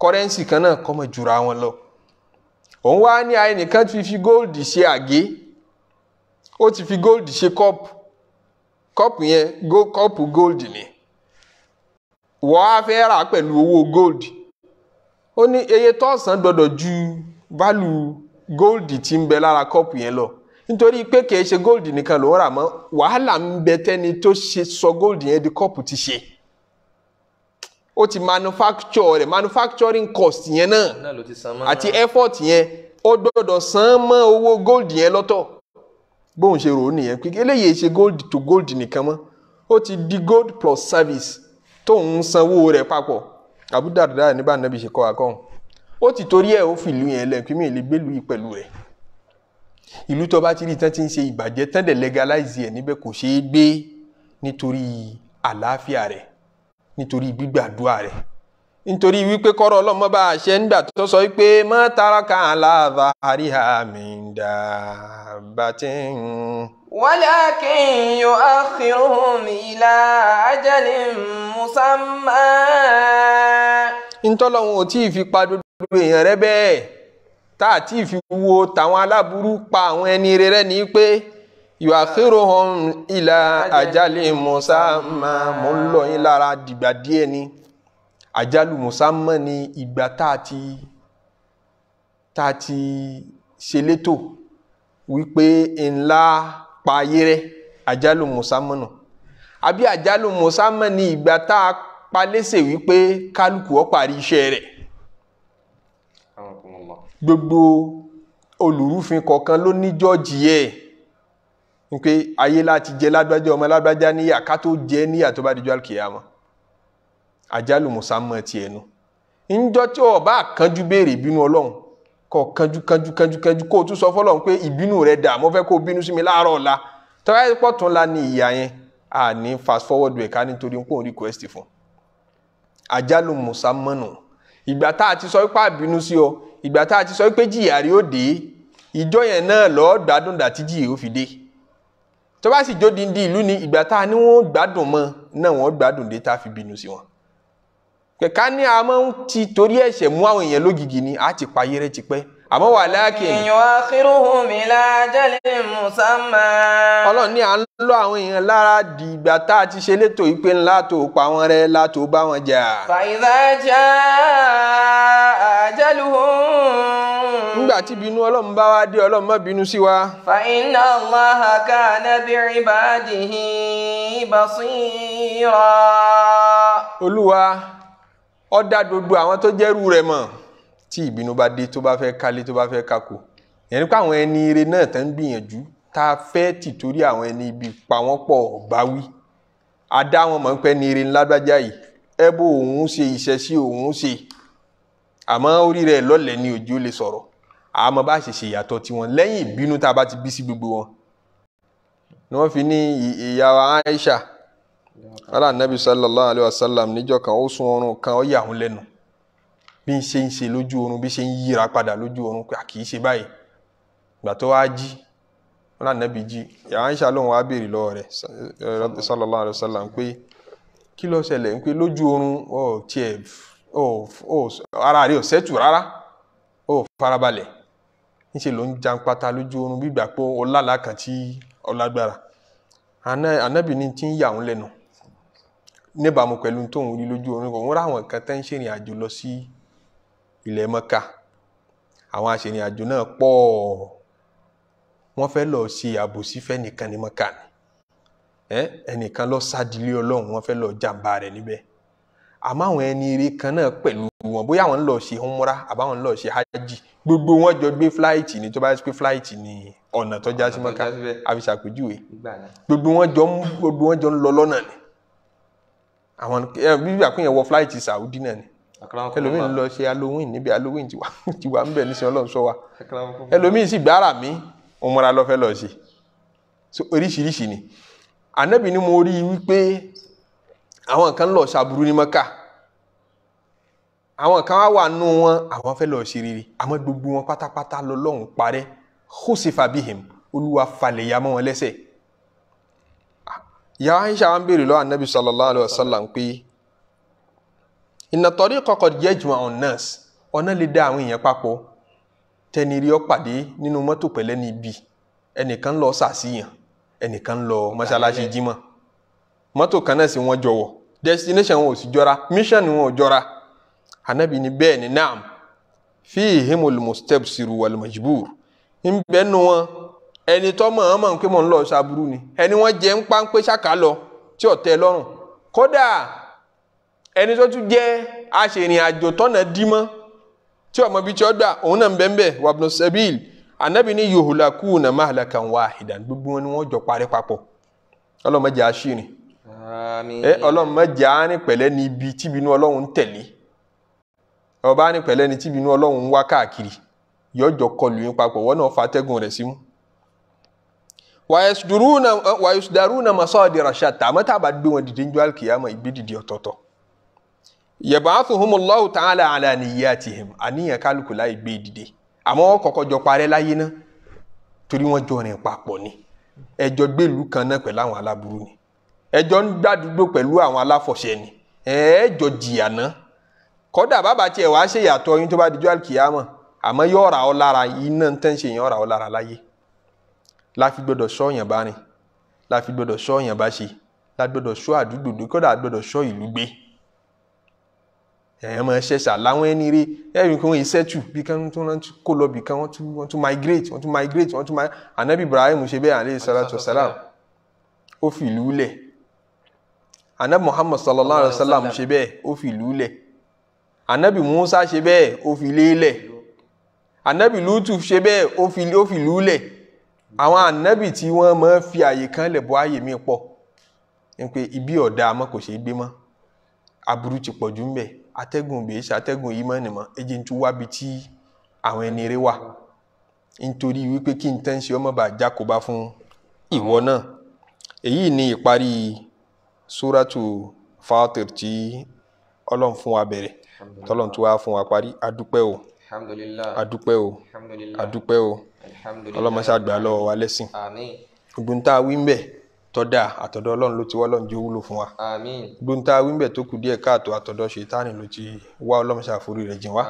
kọ́rẹ́ǹsì kan náà kọ́mọ jura wọn lọ òun wá ní ẹnìkan ti fi góòdì ṣe àgé ó ti fi góòdì ṣe kọ́ọ̀pù kọ́ọ̀pù yẹn kọ́ọ̀pù góòdì ni. wọ́n á fẹ́ rà pẹ̀lú owó gold ó ní eye tó san gbọ́dọ̀ ju válù gold ti ń bẹ lára kọ́ọ̀pù yẹn lọ nítorí pé kìí ṣe gold nìkan ló ń rà mọ́ wàhálà ń bẹ tẹ́ni tó ṣe sọ gold yẹn di kọ́ọ̀pù ti ṣe ó ti manufacture rẹ̀ manufacturing cost yẹn náà àti effort yẹn ó gbọ́dọ̀ san mọ́ owó gold yẹn lọ́tọ̀ bóun ṣe rò ó nìyẹn pé eléyìí ṣe gold to gold nìkan mọ́ ó ti di gold plus service tóun sanwó rẹ̀ papọ̀ Abu Darda níbà nàbí ṣe kọ́ akọ́hún ó ti torí ẹ̀ ó fìlú yẹn lẹ́ẹ̀kí mi lè gbélú yìí pẹ̀lú rẹ̀ ìlú tó bá ti rí tán ti ń ṣe ìbàjẹ́ tán dẹ̀ legalize ẹ̀ níbẹ̀ kò ṣeé gbé nítorí àlàáfíà rẹ̀ nítorí gbígbàdúrà rẹ̀ nítorí wípé kọ́rọ̀ ọlọ́mọ bá a ṣe nígbà tó sọ wípé má taraka ala dhahriha min dabbatin. walakin yu'akhiruhum ila ajalin musamma. ntọ́lọ́hún ò tí ì fi pa dodo èèyàn rẹ bẹ́ẹ̀ tá a tí ì fi wo tàwọn aláburú pa àwọn ẹni rẹ ní pé yu'akhiruhum ila ajalin musamma mò ń lọ yín lára dìgbà díẹ̀ ni àjálù musamman ni ìgbà tá a ti tá a ti ṣe létò wípé ńlá pa ayé rẹ àjálù musamman nù àbí àjálù musamman ni ìgbà tá a pa lẹ́sẹ̀ wípé kálukú ó parí iṣẹ́ rẹ̀ gbogbo olùrúfin kọ̀ọ̀kan ló ní jọ́ọ̀jì ẹ̀ wípé ayé láti jẹ lágbájá ọmọ lágbájá níyà ká tó jẹ níyà tó bá dijọ́ àlùkìyámà àjálù musamman tiẹ̀ nu ńjọ́ tí o bá kanjú béèrè ìbínú ọlọ́run kọ kanjú kanjú kanjú kanjú kó o tún sọ fọlọ́run pé ìbínú rẹ dà mo fẹ́ kó o bínú sí mi láàárọ̀ ọ̀la tọ́wá yẹn pọ̀ la ní ìyá yẹn a ní fast forward rẹ̀ ká nítorí pé òun request fún àjálù musamman nù ìgbà tá a ti sọ pé àbínú sí ọ ìgbà tá a ti sọ pé jìyà rí ó dé ìjọ yẹn náà lọ́ọ́ gbádùn dàtí jìyà ó fi dé tó sì jó dindi ìlú ni ìgbà tá a ní wọ́n gbádùn mọ́ náà wọ́n gbádùn dé tá a fi bínú sí wọn kẹ̀ká ní a máa ń ti torí ẹ̀ṣẹ̀ mú àwọn èèyàn lógìgì ni a ti payé rẹ̀ tipẹ́ àmọ́ wà láàkì. ìyàn akéròhùn mi lájẹ́lẹ̀ mùsàmá. ọlọ́run ní à ń lọ àwọn èèyàn lára di ìgbà tá a ti ṣe létò yìí ńlá tó pa wọn rẹ́ ńlá bá wọn jà. fàyíṣà já àjálùhùn. nígbà tí bínú ọlọ́run bá wá dé ọlọ́run má bínú sí wa. fàyínà Allaha kana bi ibadihi basira. olúwa ó dá gbogbo àwọn tó jẹ́rú rẹ̀ mọ̀ tí ìbínú bá dé tó bá fẹ́ kálé tó bá fẹ́ kákò yẹn nípa àwọn ẹni ire náà tán gbìyànjú tá a fẹ́ tìtorí àwọn ẹni ibi pa wọ́n pọ̀ báwí a dá wọn mọ̀ pé ní ire ńlágbájá yìí ẹ bó òun ṣe iṣẹ́ sí òun ṣe àmọ́ orí rẹ̀ lọ́lẹ̀ ni òjò lè sọ̀rọ̀ àmọ́ bá ṣe ṣe ìyàtọ̀ tiwọn lẹ́yìn ìbínú tá a bá ti bí sí gbogbo wọn ni wọ́n fi ní ìyàwó Aisha ala anabi sallallahu alayhi wa sallam níjọ́ kan ó sun oorun kan ó yà òun bí ń ṣe ń ṣe lójú oorun bí ṣe ń yíra padà lójú oorun pé kì í ṣe báyìí ìgbà tó wá jí jí lòun sallallahu alayhi wa sallam pé kí ló ṣẹlẹ̀ pé lójú oorun tiẹ̀ ara rẹ̀ ò sẹ́tù rárá farabalẹ̀ ló ń jan pata lójú oorun bí anabi ni ti ń lẹ́nu níbàámu pẹ̀lú tóun rí lójú orin kan wọ́n rá àwọn kan tẹ́ ń ṣèrìn àjò lọ sí ilẹ̀ mọ́kà àwọn aṣèrìn àjò náà pọ̀ wọ́n fẹ́ lọ ṣe àbòsí fẹ́nìkan ní mọ́kà ni ẹnìkan lọ sádìlé ọlọ́run wọ́n fẹ́ lọ jàǹbá rẹ̀ níbẹ̀ àmọ́ àwọn ẹni eré kan náà pẹ̀lú wọn bóyá àwọn ń lọ ṣe umra àbáwọn ń lọ ṣe hajj gbogbo wọn jọ gbé fúláìtì ní tó bá ṣe pé fúláìtì ní ọ̀nà tó já sí mọ́kà àfi ṣàpèjúwe gbogbo wọn jọ ń lọ lọ́nà ni àwọn bíbí àkúnyẹ̀ wọ flight Saudi náà ni ẹlòmíì ń lọ ṣe halloween níbi halloween ti wà ti wà ń bẹ̀ ní sin sọ wa ẹlòmíì sì gbára mi òmùra lọ́fẹ́ lọ sí so oríṣiríṣi ni ànábì ni mo rí i wípé àwọn kan lọ ṣàbùrú ní mọ́kà àwọn kan wá wà nù wọn àwọn fẹ́ lọ ṣe rere àmọ́ gbogbo wọn pátápátá lọ́lọ́run parẹ́ khusifa bihim olúwa falẹ̀ ya mọ́ wọn lẹ́sẹ̀ẹ́ ìyá Aisha ń béèrè lọ́wọ́ anabi sallallahu alayhi wa sallam pé inna tariqa qad yajma'u an-nas ọ̀nà lè dá àwọn èèyàn papọ̀ tẹni rí ọ pàdé nínú mọ́tò pẹ̀lẹ́ níbi ẹnìkan lọ sàṣìyàn ẹnìkan lọ mọ́ṣáláṣí jímọ̀ mọ́tò kan náà sì wọ́n jọwọ́ destination wọn ò sì jọra mission wọn ò jọra anabi ni bẹ́ẹ̀ ni naam fihimul mustabsiru wal majbur ń bẹ́ẹ̀ nu ẹni tó mọ̀ ọ́n mọ̀ pé mò ń lọ ṣàbúrú ni ẹni wọ́n jẹ́ ń páńpẹ́ ṣàkà lọ tí ò tẹ́ lọ́rùn kódà ẹni tó tún jẹ́ aṣèrìnàjò tọ́nà dímọ́ tí ọmọ bíi tí ó gbà òun náà ń bẹ́ẹ̀ bẹ́ẹ̀ wàbùnú sẹ́bíìl ànábì ní yòhùlákù nà mahlakan wahidan gbogbo wọn ni wọ́n jọ parí papọ̀ ọlọ́mọdé aṣírin ẹ ọlọ́mọdé àárín pẹ̀lẹ́ ní ibi tíbinú ọlọ́run tẹ̀lé ọba àárín pẹ̀lẹ́ ní tíbinú ọlọ́run wá káàkiri yọjọ kọlù yín papọ̀ wọn náà fa atẹ́gùn rẹ̀ símú wàyùsùdàrúnà masọ́ọ̀dìrà ṣàtà àmọ́ tá a bá gbé wọn dìde ń jọ àlùkìyàmọ̀ ìgbé dìde ọ̀tọ̀ọ̀tọ̀ yẹ̀bàáfùhùmùlọ́hù tààlà àlàníyàtìhìm àníyàn kálukú láì gbé dìde àmọ́ wọ́n kọ́kọ́ jọ parẹ́ láyé náà torí wọ́n jọ rìn papọ̀ ni ẹjọ́ gbèlú kan náà pẹ̀lú àwọn aláburú ni ẹjọ́ ń gbàdúgbò pẹ̀lú àwọn aláfọ̀ṣẹ ni ẹjọ́ jìyà náà kọ́dà bàbá tiẹ̀ wá ṣèyàtọ̀ yín tó bá dijọ́ àlùkìyàmọ̀ àmọ́ yóò rà ọ́ lára iná tẹ́ ń ṣe yẹn ọ̀rà ọ́ lára láyé láfi gbọ́dọ̀ ṣọ́ ọ̀yàn bá rìn láfi gbọ́dọ̀ ṣọ́ ọ̀yàn bá ṣe láfi gbọ́dọ̀ ṣọ́ àdúgbò gbé kódà gbọ́dọ̀ ṣọ́ ìlú gbé ẹ̀yàn máa ṣẹ̀ṣà láwọn ẹni rí ẹ̀yìn kí wọ́n ìṣẹ́tù bí kan tó wọ́n kó lọ bí kan wọ́n tún wọ́n tún migrate wọ́n tún migrate wọ́n tún migrate anabi ibrahim ṣe bẹ́ẹ̀ alayhi salatu wa salam ó fi ìlú lẹ̀ anabi muhammad sallallahu alayhi wa sallam ṣe bẹ́ẹ̀ ó fi ìlú lẹ̀ anabi musa ṣe bẹ́ẹ̀ ó fi ilé lẹ̀ anabi lutu ṣe bẹ́ẹ̀ ó fi ìlú lẹ̀ àwọn ànábì tí wọ́n máa fi àyè kan lẹ̀ bọ́ àyè mi pọ̀ ní pé ibi ọ̀dà àmọ́ kò ṣeé gbé mọ́ aburú ti pọ̀ jù ń bẹ̀ atẹ́gùn bèé ṣàtẹ́gùn yìí mọ́ ni mọ́ ejì ń tún wábi tí àwọn ẹni rẹ wà nítorí wípé kí n tẹ́ ń ṣe ọmọ bá jákòbá fún ìwọ náà èyí ni ìparí súrátù Fatir tí ọlọ́run fún wa bẹ̀rẹ̀ tọ́lọ́run tó wá fún wa parí adúpẹ́ o adúpẹ́ o adúpẹ́ o ọlọmọṣẹ àgbà lọ́wọ́ wa lẹ́sìn ògbóǹta wíńbẹ tọdà àtọ̀dọ̀ Ọlọ́run ló ti wá Ọlọ́run jẹ wúlò fún wa gbóǹta wíńbẹ tó kù díẹ̀ káàtó àtọ̀dọ̀ ṣètánì ló ti wá ọlọmọṣẹ àforí rẹ̀ jìn wá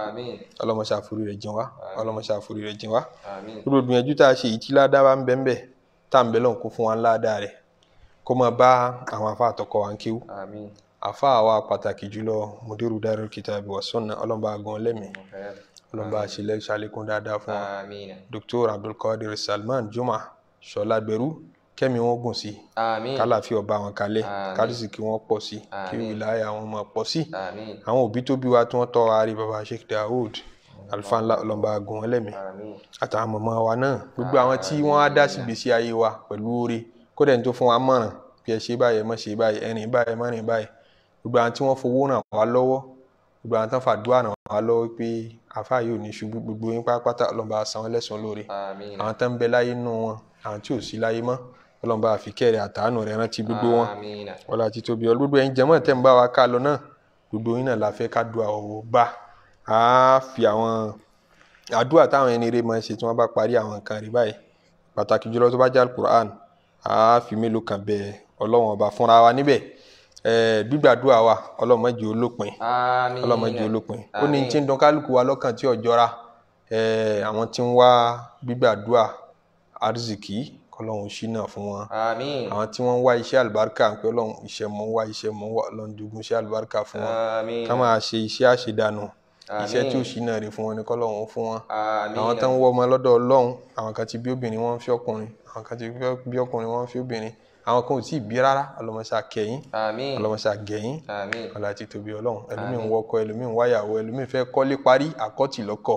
ọlọmọṣẹ àforí rẹ̀ jìn wá ọlọmọṣẹ àforí rẹ̀ jìn wá gbogbo ìgbìyànjú tá a ṣe ìtí ládàá bá ń bẹ ń bẹ tá à ń bẹ lọ́n kó fún wa ńlá dáa rẹ̀ kó máa bá àwọn Mudiru Darul Kitabi wa Sunnah ọlọ́mọba gan lẹ́mìí ọlọ́run bá ṣe ṣàlékún dáadáa fún wa Dr. Abdulkadir Salman Juma Ṣọlágbẹrú kẹ́mi wọn gùn sí kálàfin ọba wọn kalẹ̀ kálísì kí wọ́n pọ̀ sí kí wìláyà wọn máa pọ̀ sí àwọn òbí tó bí wa tí wọ́n tọ́ ààrẹ baba Sheikh Daoud alifa ńlá ọlọmọba agun ẹlẹmi àtàwọn mọmọ wa náà gbogbo àwọn tí wọn á dá sí gbèsè ayé wa pẹ̀lú oore kódà ní tó fún wa mọ̀ràn bí ẹ ṣe báyìí ẹ má ṣe báyìí ẹrìn báyìí ẹ báyìí gbogbo àwọn tí wọn fowó ràn wá lọ́wọ́ gbogbo àwọn tí fàdúrà ràn wá lọ́wọ́ pé àfa yìí ò ní ṣubú gbogbo yín pátápátá ọlọ́mọba san wọ́n lẹ́san lóore àwọn tó ń bẹ láyé nù wọn àwọn tí ò sí láyé mọ́ ọlọ́mọba àfikẹ́rẹ́ àtàánù rẹ̀ rántí gbogbo wọn ọlá ti tóbi ọ gbogbo ẹ̀yin jẹ́mọ́ tẹ́ ń bá wa ká lọ náà gbogbo yín náà la fẹ́ ká dùn àwọ̀ bá a fi àwọn àdúrà táwọn ẹni rè máa ń ṣe tí wọ́n bá parí àwọn nǹkan rè báyìí pàtàkì jùlọ tó bá jẹ́ alukur'an a fi mélòó kan bẹ ọlọ́wọ́n ọba fúnra wa níbẹ̀ gbígbàdúrà wa ọlọ́mọdé olópin ọlọ́mọdé olópin ó ní tí ń dùn kálukú wa lọ́kàn tí ọjọ́ra àwọn tí ń wá gbígbàdúrà arzikì kọlọ́hún ṣínà fún wọn àwọn tí wọ́n ń wá iṣẹ́ àlùbáríkà pé ọlọ́hún iṣẹ́ mọ̀ ń wá iṣẹ́ mọ̀ ń wá ọlọ́hún jogún iṣẹ́ àlùbáríkà fún wọn ká máa ṣe iṣẹ́ àṣedànù iṣẹ́ tí ó ṣínà rè fún wọn ni kọlọ́hún fún wọn àwọn tó ń wọ́ ọmọ lọ́dọ̀ ọlọ́hún àwọn kan ti bí obìnrin wọ́n ń fi ọkùnrin àwọn kan ti bí ọkùnrin wọ́n ń fi obìnrin àwọn kan ò tí ì bí rárá ọlọmọṣà kẹyìn ọlọmọṣà gẹyìn ọlọtí tóbi Ọlọ́run ẹlòmíín wọkọ ẹlòmíín wáyàwó ẹlòmíín fẹ́ kọ́lé parí àkọtì lọkọ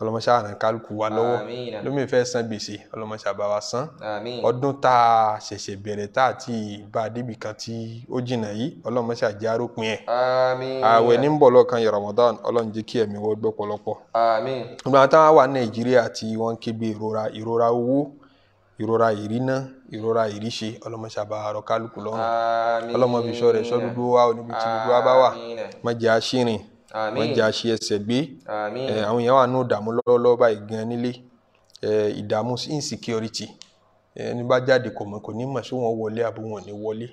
ọlọmọṣà àrùn kálukú wa lọ́wọ́ ẹlòmíín fẹ́ san gbèsè ọlọmọṣà bá wa san ọdún tá a ṣẹ̀ṣẹ̀ bẹ̀rẹ̀ tá a ti bá a débi kan tí ó jìnnà yìí ọlọmọṣà jẹ arópin ẹ ààwẹ̀ ní bọ̀ lọ́kàn yẹ ìrora ìrora owó ìrora ìrìnà ìrora ìríṣe ọlọmọṣà bá arọ kálukú lọ́rùn ọlọmọ fi rẹ sọ dúdú wa oníbi tí gbogbo wa bá wà má jẹ́ àṣìrìn má jẹ́ àṣì ẹsẹ̀ gbé àwọn èèyàn wà ní ìdààmú lọ́wọ́lọ́wọ́ báyìí gan nílé ìdààmú insecurity ẹni bá jáde kò mọ̀ kò ní mọ̀ sí wọn wọlé àbí wọn ò ní wọlé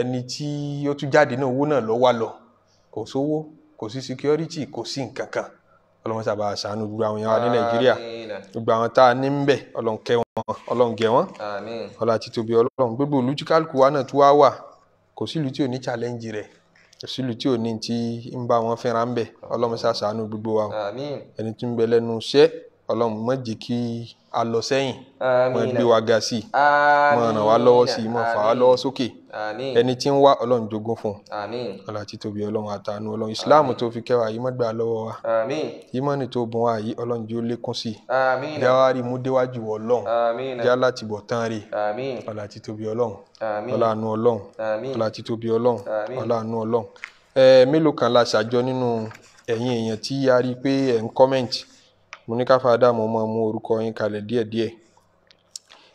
ẹni tí ó tún jáde náà owó náà lọ wá lọ kò sówó kò sí security kò sí nǹkan kan ọlọmọṣà bá aṣàánú gbogbo àwọn èèyàn wa ní nàìjíríà gbogbo àwọn tá a ní ń bẹ ọlọ́nkẹ́ wọn ọlọ́run gẹ̀ wọ́n ọlá àti tóbi ọlọ́run gbogbo ìlú tí kálukú wa náà tó wá wà kò sí ìlú tí ò ní challenge rẹ̀ kò sí ìlú tí ò ní ti ń bá wọn fẹ́ràn bẹ̀ ọlọ́run ṣàṣàánú gbogbo wa ẹni tí ń bẹ lẹ́nu iṣẹ́ ọlọ́run má jẹ́ kí a lọ sẹ́yìn mọ gbé wa ga sí mọ ràn wá lọ́wọ́ sí mọ fà wá lọ́wọ́ sókè ẹni tí ń wá ọlọ́run jogún fún ọlá títóbi ọlọ́run àtàánú ọlọ́run ìsìláàmù tó fi kẹwàá yìí má gbà lọ́wọ́ wa ìmọ̀nì tó bùn wá yìí ọlọ́run jẹ́ ó lékún sí i jáwárí mú déwájú ọlọ́run já láti bọ̀ tán rè ọlá títóbi ọlọ́run ọlá àánú ọlọ́run ọlá títóbi ọlọ́run ọlá àánú ọlọ́run mélòó kan la ṣàjọ nínú ẹ̀yin èèyàn tí a rí pé ẹ̀ ń kọ́mẹ̀ntì mo ní ká fàdà mo mọ mú orúkọ yín kalẹ̀ díẹ̀díẹ̀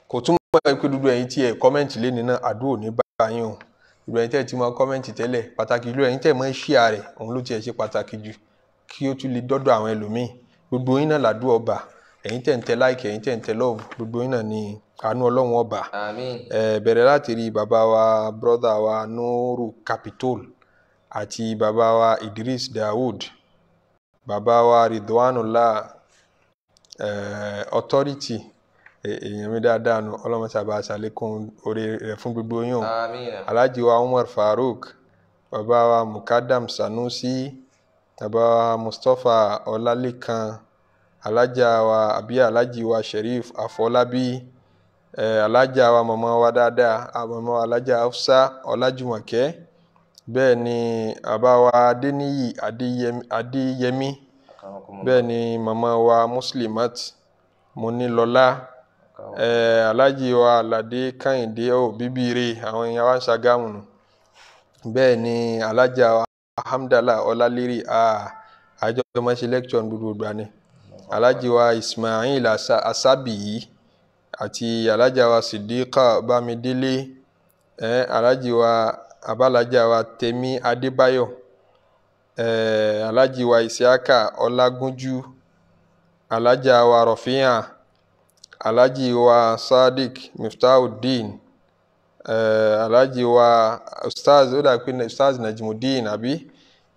kò túmọ̀ pé dúdú ẹ̀yin tí ẹ̀ kọ́mẹ́ǹtì lẹ́ni náà àdúrò ní bá yín o ìlú ẹ̀yin tẹ́ ti mọ kọ́mẹ́ǹtì tẹ́lẹ̀ pàtàkì ìlú ẹ̀yin tẹ́ mọ ṣíà rẹ̀ òun ló tiẹ̀ ṣe pàtàkì jù kí ó tún lè dọ́dọ̀ àwọn ẹlòmíì gbogbo yín náà làdúrà ọba ẹ̀yin tẹ̀ ń tẹ láìkì ẹ̀yin tẹ̀ ń tẹ lọ́ọ̀bù gbogbo yín náà ni àánú ọlọ́run ọba bẹ̀rẹ̀ láti rí bàbá wa brother wa Nuru Capitol àti bàbá wa Idris Daoud bàbá wa Ridwanullah Eh, authority e-, èèyàn mi dáadáa nu ọlọ́mọṣà bá ṣàlékún orí rẹ̀ fún gbogbo yín alhaji wa umar farouk bàbá wa mukadam sanusi bàbá wa mustapha ọlálẹ́kan alájà wa àbí alhaji wa sherif afọlábí eh, alájà wa màmá wa dáadáa màmá wa alájà hafsa ọlájùmọ̀kẹ́ bẹ́ẹ̀ ni bàbá wa adéníyì adéyẹmí bẹ́ẹ̀ ni màmá wa muslimat monílọ́lá eh, aláàjì wa aládé kàyìndé ò bíbíire àwọn èèyàn wa ń ṣàgámù nù bẹ́ẹ̀ ni alájà wa alhamdulillah ọlálérè àjọ ọmọọṣẹ lecture gbogbo ìgbà ni aláàjì wa ismail asábìyí àti alájà wa sidiqa bámidélé eh, aláàjì wa abálájà wa temi adébáyọ̀ um eh, alhaji wa isiaka ọlágúnjú alájà wa rọfíà alhaji wa sadiq muftaudeen um eh, alhaji wa ustaz ó dà pé ustaz najimudeen àbí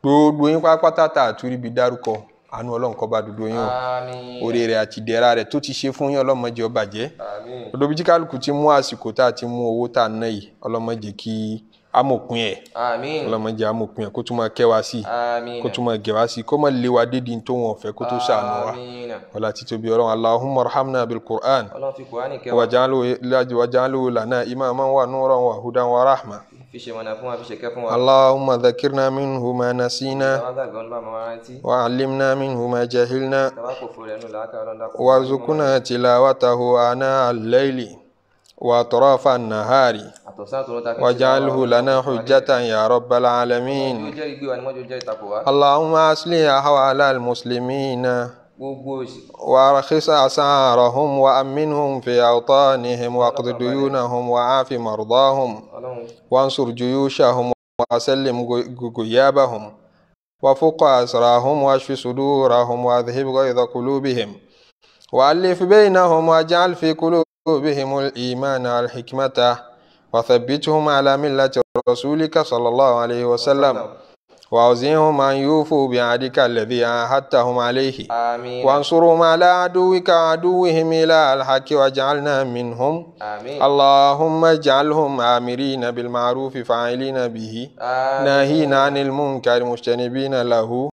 gbogbo yín pátápátá tá a tún ríbi dárúkọ àánú ọlọ́run kó bá dúdú yín o oore rẹ̀ àti ìdẹ̀ra rẹ̀ tó ti ṣe fún yín ọlọ́mọdé ó bàjẹ́ olóbi tí ti mú àsìkò tá a ti mú owó tá a ná yìí ọlọ́mọdé kí amòkun yẹ ọlọmọdé amòkun yẹ kó tún máa kẹ́ wa sí kó tún máa gẹ̀ wá sí kó máa lé wa dé di tó wọn fẹ́ kó tó ṣàánú wa wàlá títóbi ọlọ́run allahumma arhamna bil qur'an wàjálù lana imaman wa nuran wa hudan wa rahma. اللهم ذكرنا منه ما نسينا وعلمنا منه ما جهلنا وارزقنا تلاوته آناء الليل وأطراف النهار واجعله لنا حجة يا رب العالمين اللهم أصلح أحوال المسلمين وارخص أسعارهم وأمنهم في أوطانهم واقض ديونهم وعاف مرضاهم وانصر جيوشهم وأسلم غيابهم وفق أسراهم واشف صدورهم وأذهب غيظ قلوبهم وألف بينهم واجعل في قلوبهم بهم الإيمان والحكمة وثبتهم على ملة رسولك صلى الله عليه وسلم وأوزعهم أن يوفوا بعهدك الذي عاهدتهم عليه آمين وانصرهم على عدوك وعدوهم إلى الحق واجعلنا منهم آمين اللهم اجعلهم آمرين بالمعروف فاعلين به آمين ناهين عن المنكر مجتنبين له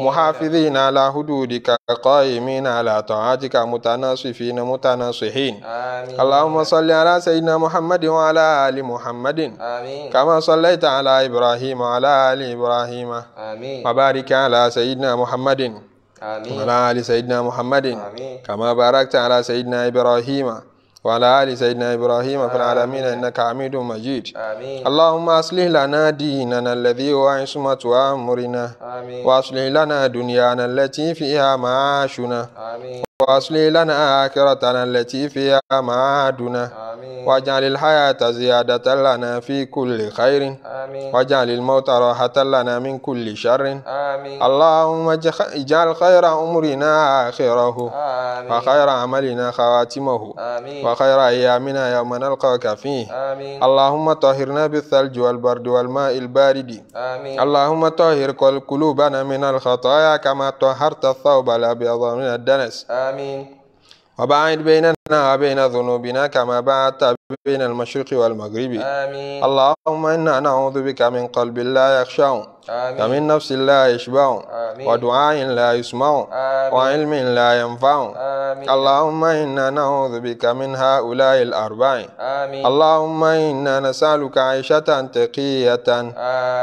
محافظين على حدودك قائمين على طاعتك متناصفين متناصحين آمين. اللهم صل على سيدنا محمد وعلى آل محمد آمين. كما صليت على إبراهيم وعلى آل إبراهيم آمين. وبارك على سيدنا محمد آمين. وعلى آل سيدنا محمد آمين. كما باركت على سيدنا إبراهيم وعلى آل سيدنا إبراهيم في العالمين إنك حميد مجيد آمين. اللهم أصلح لنا ديننا الذي هو عصمة أمرنا وأصلح لنا دنيانا التي فيها معاشنا آمين. وأصلي لنا آخرتنا التي فيها معادنا واجعل الحياة زيادة لنا في كل خير آمين. واجعل الموت راحة لنا من كل شر آمين. اللهم اجعل خير أمرنا آخره آمين. وخير عملنا خواتمه آمين. وخير أيامنا يوم نلقاك فيه آمين. اللهم طهرنا بالثلج والبرد والماء البارد آمين. اللهم طهر قلوبنا من الخطايا كما طهرت الثوب الأبيض من الدنس آمين. آمين وباعد بيننا وبين ذنوبنا كما بعدت بين المشرق والمغرب آمين اللهم إنا نعوذ بك من قلب لا يخشع آمين ومن نفس لا يشبع آمين ودعاء لا يسمع آمين وعلم لا ينفع آمين اللهم إنا نعوذ بك من هؤلاء الأربع آمين اللهم إنا نسألك عيشة تقية آمين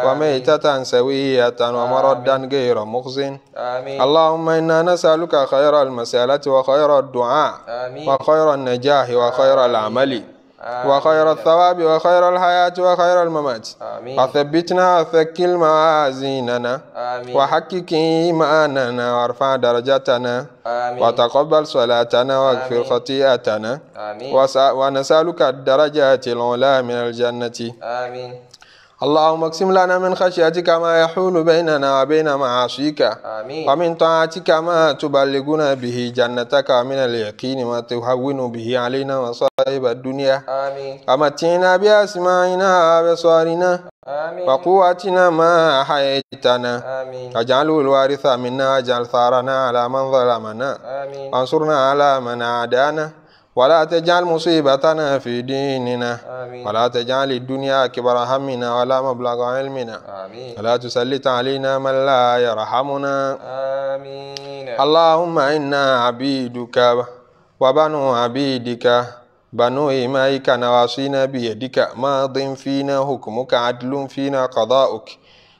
وميتة سوية ومردا غير مخزن آمين اللهم إنا نسألك خير المسألة وخير الدعاء آمين وخير النجاح وخير آمين. العمل وخير الثواب وخير الحياة وخير الممات وثبتنا وثكل موازيننا وحقق إيماننا وارفع درجتنا وتقبل صلاتنا واغفر خطيئتنا ونسألك الدرجات العلى من الجنة آمين اللهم اقسم لنا من خشيتك ما يحول بيننا وبين معاصيك آمين. ومن طاعتك ما تبلغنا به جنتك من اليقين ما تهون به علينا وصائب الدنيا آمين. ومتعنا بأسماعنا وبصارنا وقوتنا ما حيتنا اجعل الوارث منا اجعل ثارنا على من ظلمنا وانصرنا على من عادانا ولا تجعل مصيبتنا في ديننا ولا تجعل الدنيا أكبر همنا ولا مبلغ علمنا ولا تسلط علينا من لا يرحمنا اللهم إنا عبيدك وبنو عبيدك بنو إمائك نواصينا بيدك ماض فينا حكمك عدل فينا قضاؤك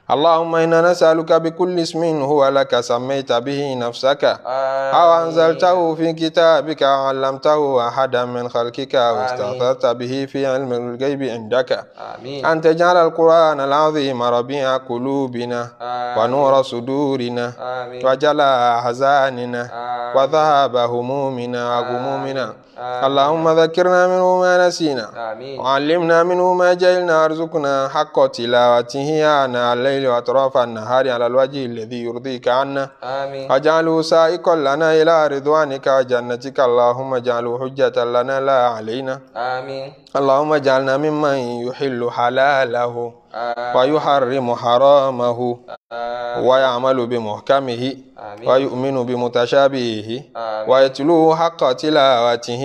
اللهم إنا نسألك بكل اسم هو لك سميت به نفسك أو أنزلته في كتابك علمته أحدا من خلقك واستغفرت به في علم الغيب عندك آمين. أن تجعل القرآن العظيم ربيع قلوبنا آمين. ونور صدورنا آمين. وجلاء أحزاننا وذهاب همومنا وغمومنا اللهم ذكرنا منه ما نسينا وعلمنا منه ما جهلنا ارزقنا حق تلاوته يا الليل الليل وأطراف النهار على الوجه الذي يرضيك عنا آمين اجعله سائقا لنا إلى رضوانك وجنتك اللهم اجعله حجة لنا لا علينا آمين اللهم اجعلنا ممن يحل حلاله ويحرم حرامه ويعمل بمحكمه ويؤمن بمتشابهه ويتلوه حق تلاوته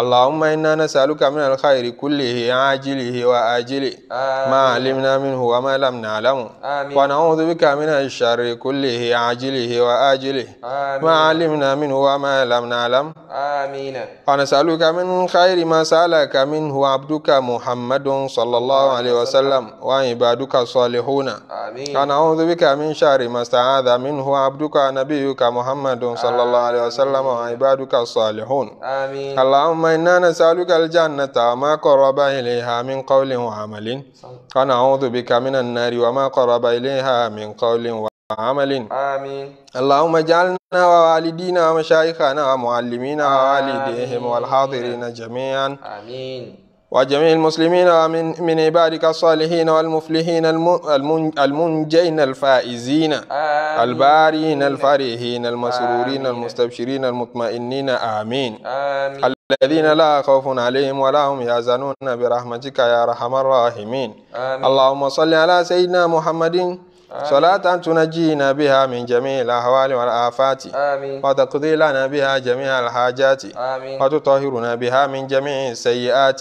اللهم إنا نسألك من الخير كله عاجله وآجله ما علمنا منه وما لم نعلم ونعوذ بك من الشر كله عاجله وآجله ما علمنا منه وما لم نعلم آمين ونسألك من خير ما سألك منه عبدك محمد صلى الله عليه وسلم وعبادك الصالحون آمين ونعوذ بك من شر ما استعاذ منه عبدك نبيك محمد صلى الله عليه وسلم وعبادك الصالحون آمين اللهم إنا نسألك الجنة وما قرب إليها من قول وعمل ونعوذ بك من النار وما قرب إليها من قول وعمل اللهم اجعلنا ووالدينا ومشايخنا ومعلمينا ووالديهم والحاضرين جميعا آمين وجميع المسلمين من من عبادك الصالحين والمفلحين المنجين الفائزين البارين الفرحين المسرورين المستبشرين المطمئنين امين الذين لا خوف عليهم ولا هم يحزنون برحمتك يا ارحم الراحمين اللهم صل على سيدنا محمد صلاة تنجينا بها من جميع الأهوال والآفات وتقضي لنا بها جميع الحاجات وتطهرنا بها من جميع السيئات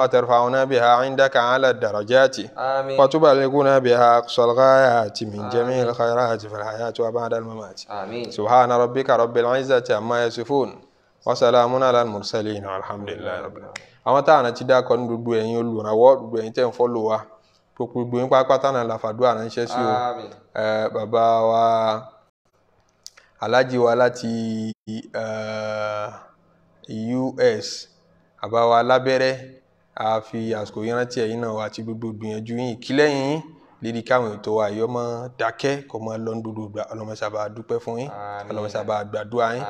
وترفعنا بها عندك على الدرجات وتبلغنا بها أقصى الغايات من جميع الخيرات في الحياة وبعد الممات سبحان ربك رب العزة عما يصفون وسلام على المرسلين والحمد لله رب العالمين أما táwọn ti dákọ ní gbogbo ẹ̀yin olùrànwọ́ gbogbo ẹ̀yin tẹ́ ń kó gbogbo yín pátápátá náà làfàdúrà ránṣẹ́ sí o bàbá wa aláàjì wa láti US bàbá wa lábẹ́rẹ́ a fi àsìkò yín rántí ẹ̀yin náà àti gbogbo gbìyànjú yín ìkílẹ̀yìn yín lédi káwọn ètò wa yìí dákẹ́ kọ́ mọ́ lọ́ndúdú gba ọlọ́mọṣàbà dúpẹ́ fún yín ọlọ́mọṣàbà gbàdúrà yín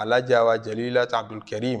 alájà wa Jalilat Abdulkareem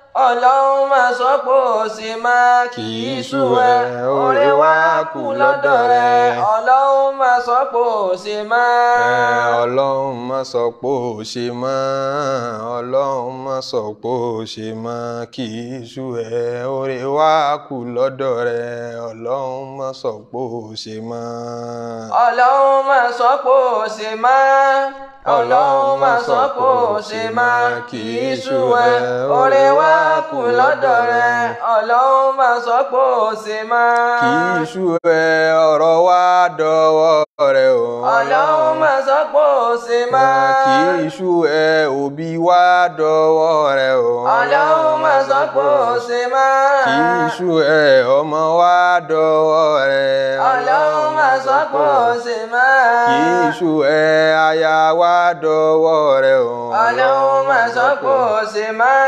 ọlọ́run máa sọ pé ó sì máa kì í sú ẹ oore wá kù lọ́dọ̀ rẹ ọlọ́run máa sọ pé ó sì máa. ọlọ́run máa sọ pé ó sì máa ọlọ́run máa sọ pé ó sì máa kì í sú ẹ oore wá kù lọ́dọ̀ rẹ ọlọ́run máa sọ pé ó sì máa. ọlọ́run máa sọ pé ó sì máa ọlọ́run máa sọ pé ó sì máa kì í sú ẹ oore wá kù lọ́dọ̀ rẹ ọlọ́run máa sọ pé ó sì máa. kì í ṣú rẹ ọ̀rọ̀ wá dọ̀wọ́ rẹ o. ọlọ́run máa sọ pé ó sì máa. kì í ṣú rẹ òbí wá dọ̀wọ́ rẹ o. ọlọ́run máa sọ pé ó sì máa. kì í ṣú rẹ ọmọ wá dọ̀wọ́ rẹ. ọlọ́run máa sọ pé ó sì máa. kì í ṣú rẹ aya wá dọ̀wọ́ rẹ o. ọlọ́run máa sọ pé ó sì máa.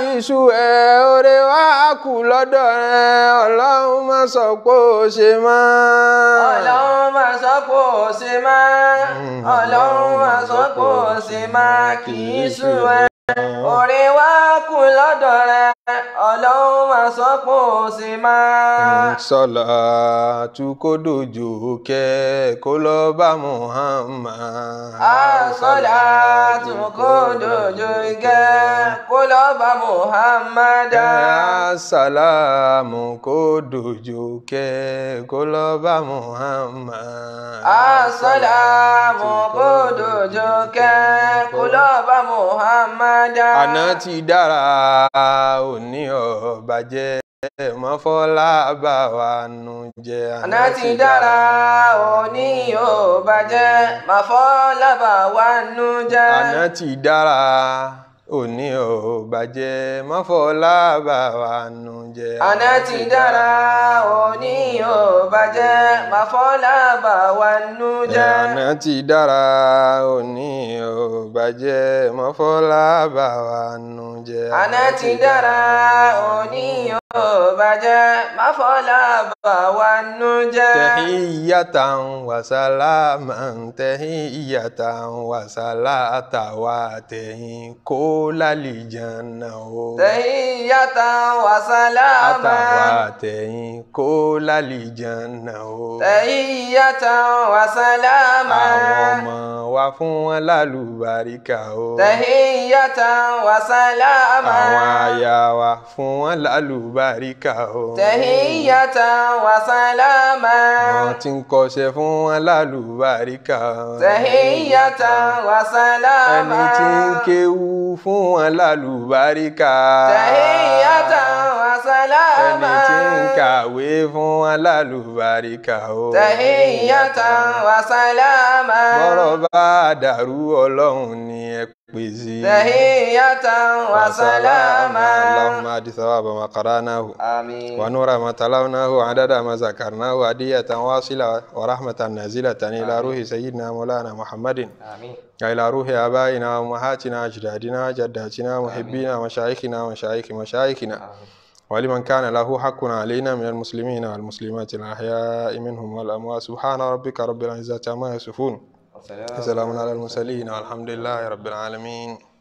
kì í ṣú tú ẹ oore wá kù lọ́dọ̀ rẹ ọlọ́run má sọ pé ó ṣe mọ́. ọlọ́run má sọ pé ó ṣe mọ́ ọlọ́run má sọ pé ó ṣe mọ́ kì í sú ẹ oore wá kù lọ́dọ̀ rẹ ọlọ́run sọ́kùn sí máa. sọlá tu kó dojú kẹ kó lọ bá Muhammad. sọlá tu kó dojú kẹ kó lọ bá Muhammad. sàlámù kó dojú kẹ kó lọ bá Muhammad. sàlámù kó dojú kẹ kó lọ bá Muhammad. àná ti dára òní ọ̀bàjẹ́ jẹ́ mọ́fọ́lá bá wa nu jẹ́. àná ti dára òní yóò bàjẹ́ mọ́fọ́lá bá wa nu jẹ́. àná ti dára òní ò bàjẹ́ mọ́fọ́lá bàwà nù jẹ́. àná ti dára òní ò bàjẹ́ mọ́fọ́lá bàwà nù jẹ́. àná ti dára òní ò bàjẹ́ mọ́fọ́lá bàwà nù jẹ́. àná ti dára òní ò bàjẹ́ má fọlá bà wá nú jẹ́. tahiyyatan wa salaman tahiyyatan wa salata wa tẹ̀yìn kó lálìjànà o. tahiyyatan wa salaman. wa tẹ̀yìn kó lálìjànà o. tahiyyatan wa salaman. àwọn ọmọ wa fún wọn lálùbáríkà o. tahiyyatan wa salaman. àwọn aya wa fún wọn lálùbáríkà àlùbáríkà o. tẹ̀híyàtà wà sálámà. wọ́n ti ń kọ́ṣẹ́ fún alálùbáríkà. tẹ̀híyàtà wà sálámà. ẹni tí ń kéwú fún alálùbáríkà. tẹ̀híyàtà wà sálámà. ẹni tí ń kàwé fún alálùbáríkà o. tẹ̀híyàtà wà bọ́rọ̀ bá dàrú ọlọ́run ni ẹ تهية وسلاما اللهم أدي ثواب ما قرأناه آمين ونور ما تلوناه عدد ما ذكرناه هدية واصلة ورحمة نازلة إلى روح سيدنا مولانا محمد آمين إلى روح آبائنا وأمهاتنا أجدادنا جداتنا محبينا مشايخنا مشايخ مشايخنا ولمن كان له حق علينا من المسلمين والمسلمات الأحياء منهم والأموات سبحان ربك رب العزة عما يصفون سلام على المرسلين والحمد لله رب العالمين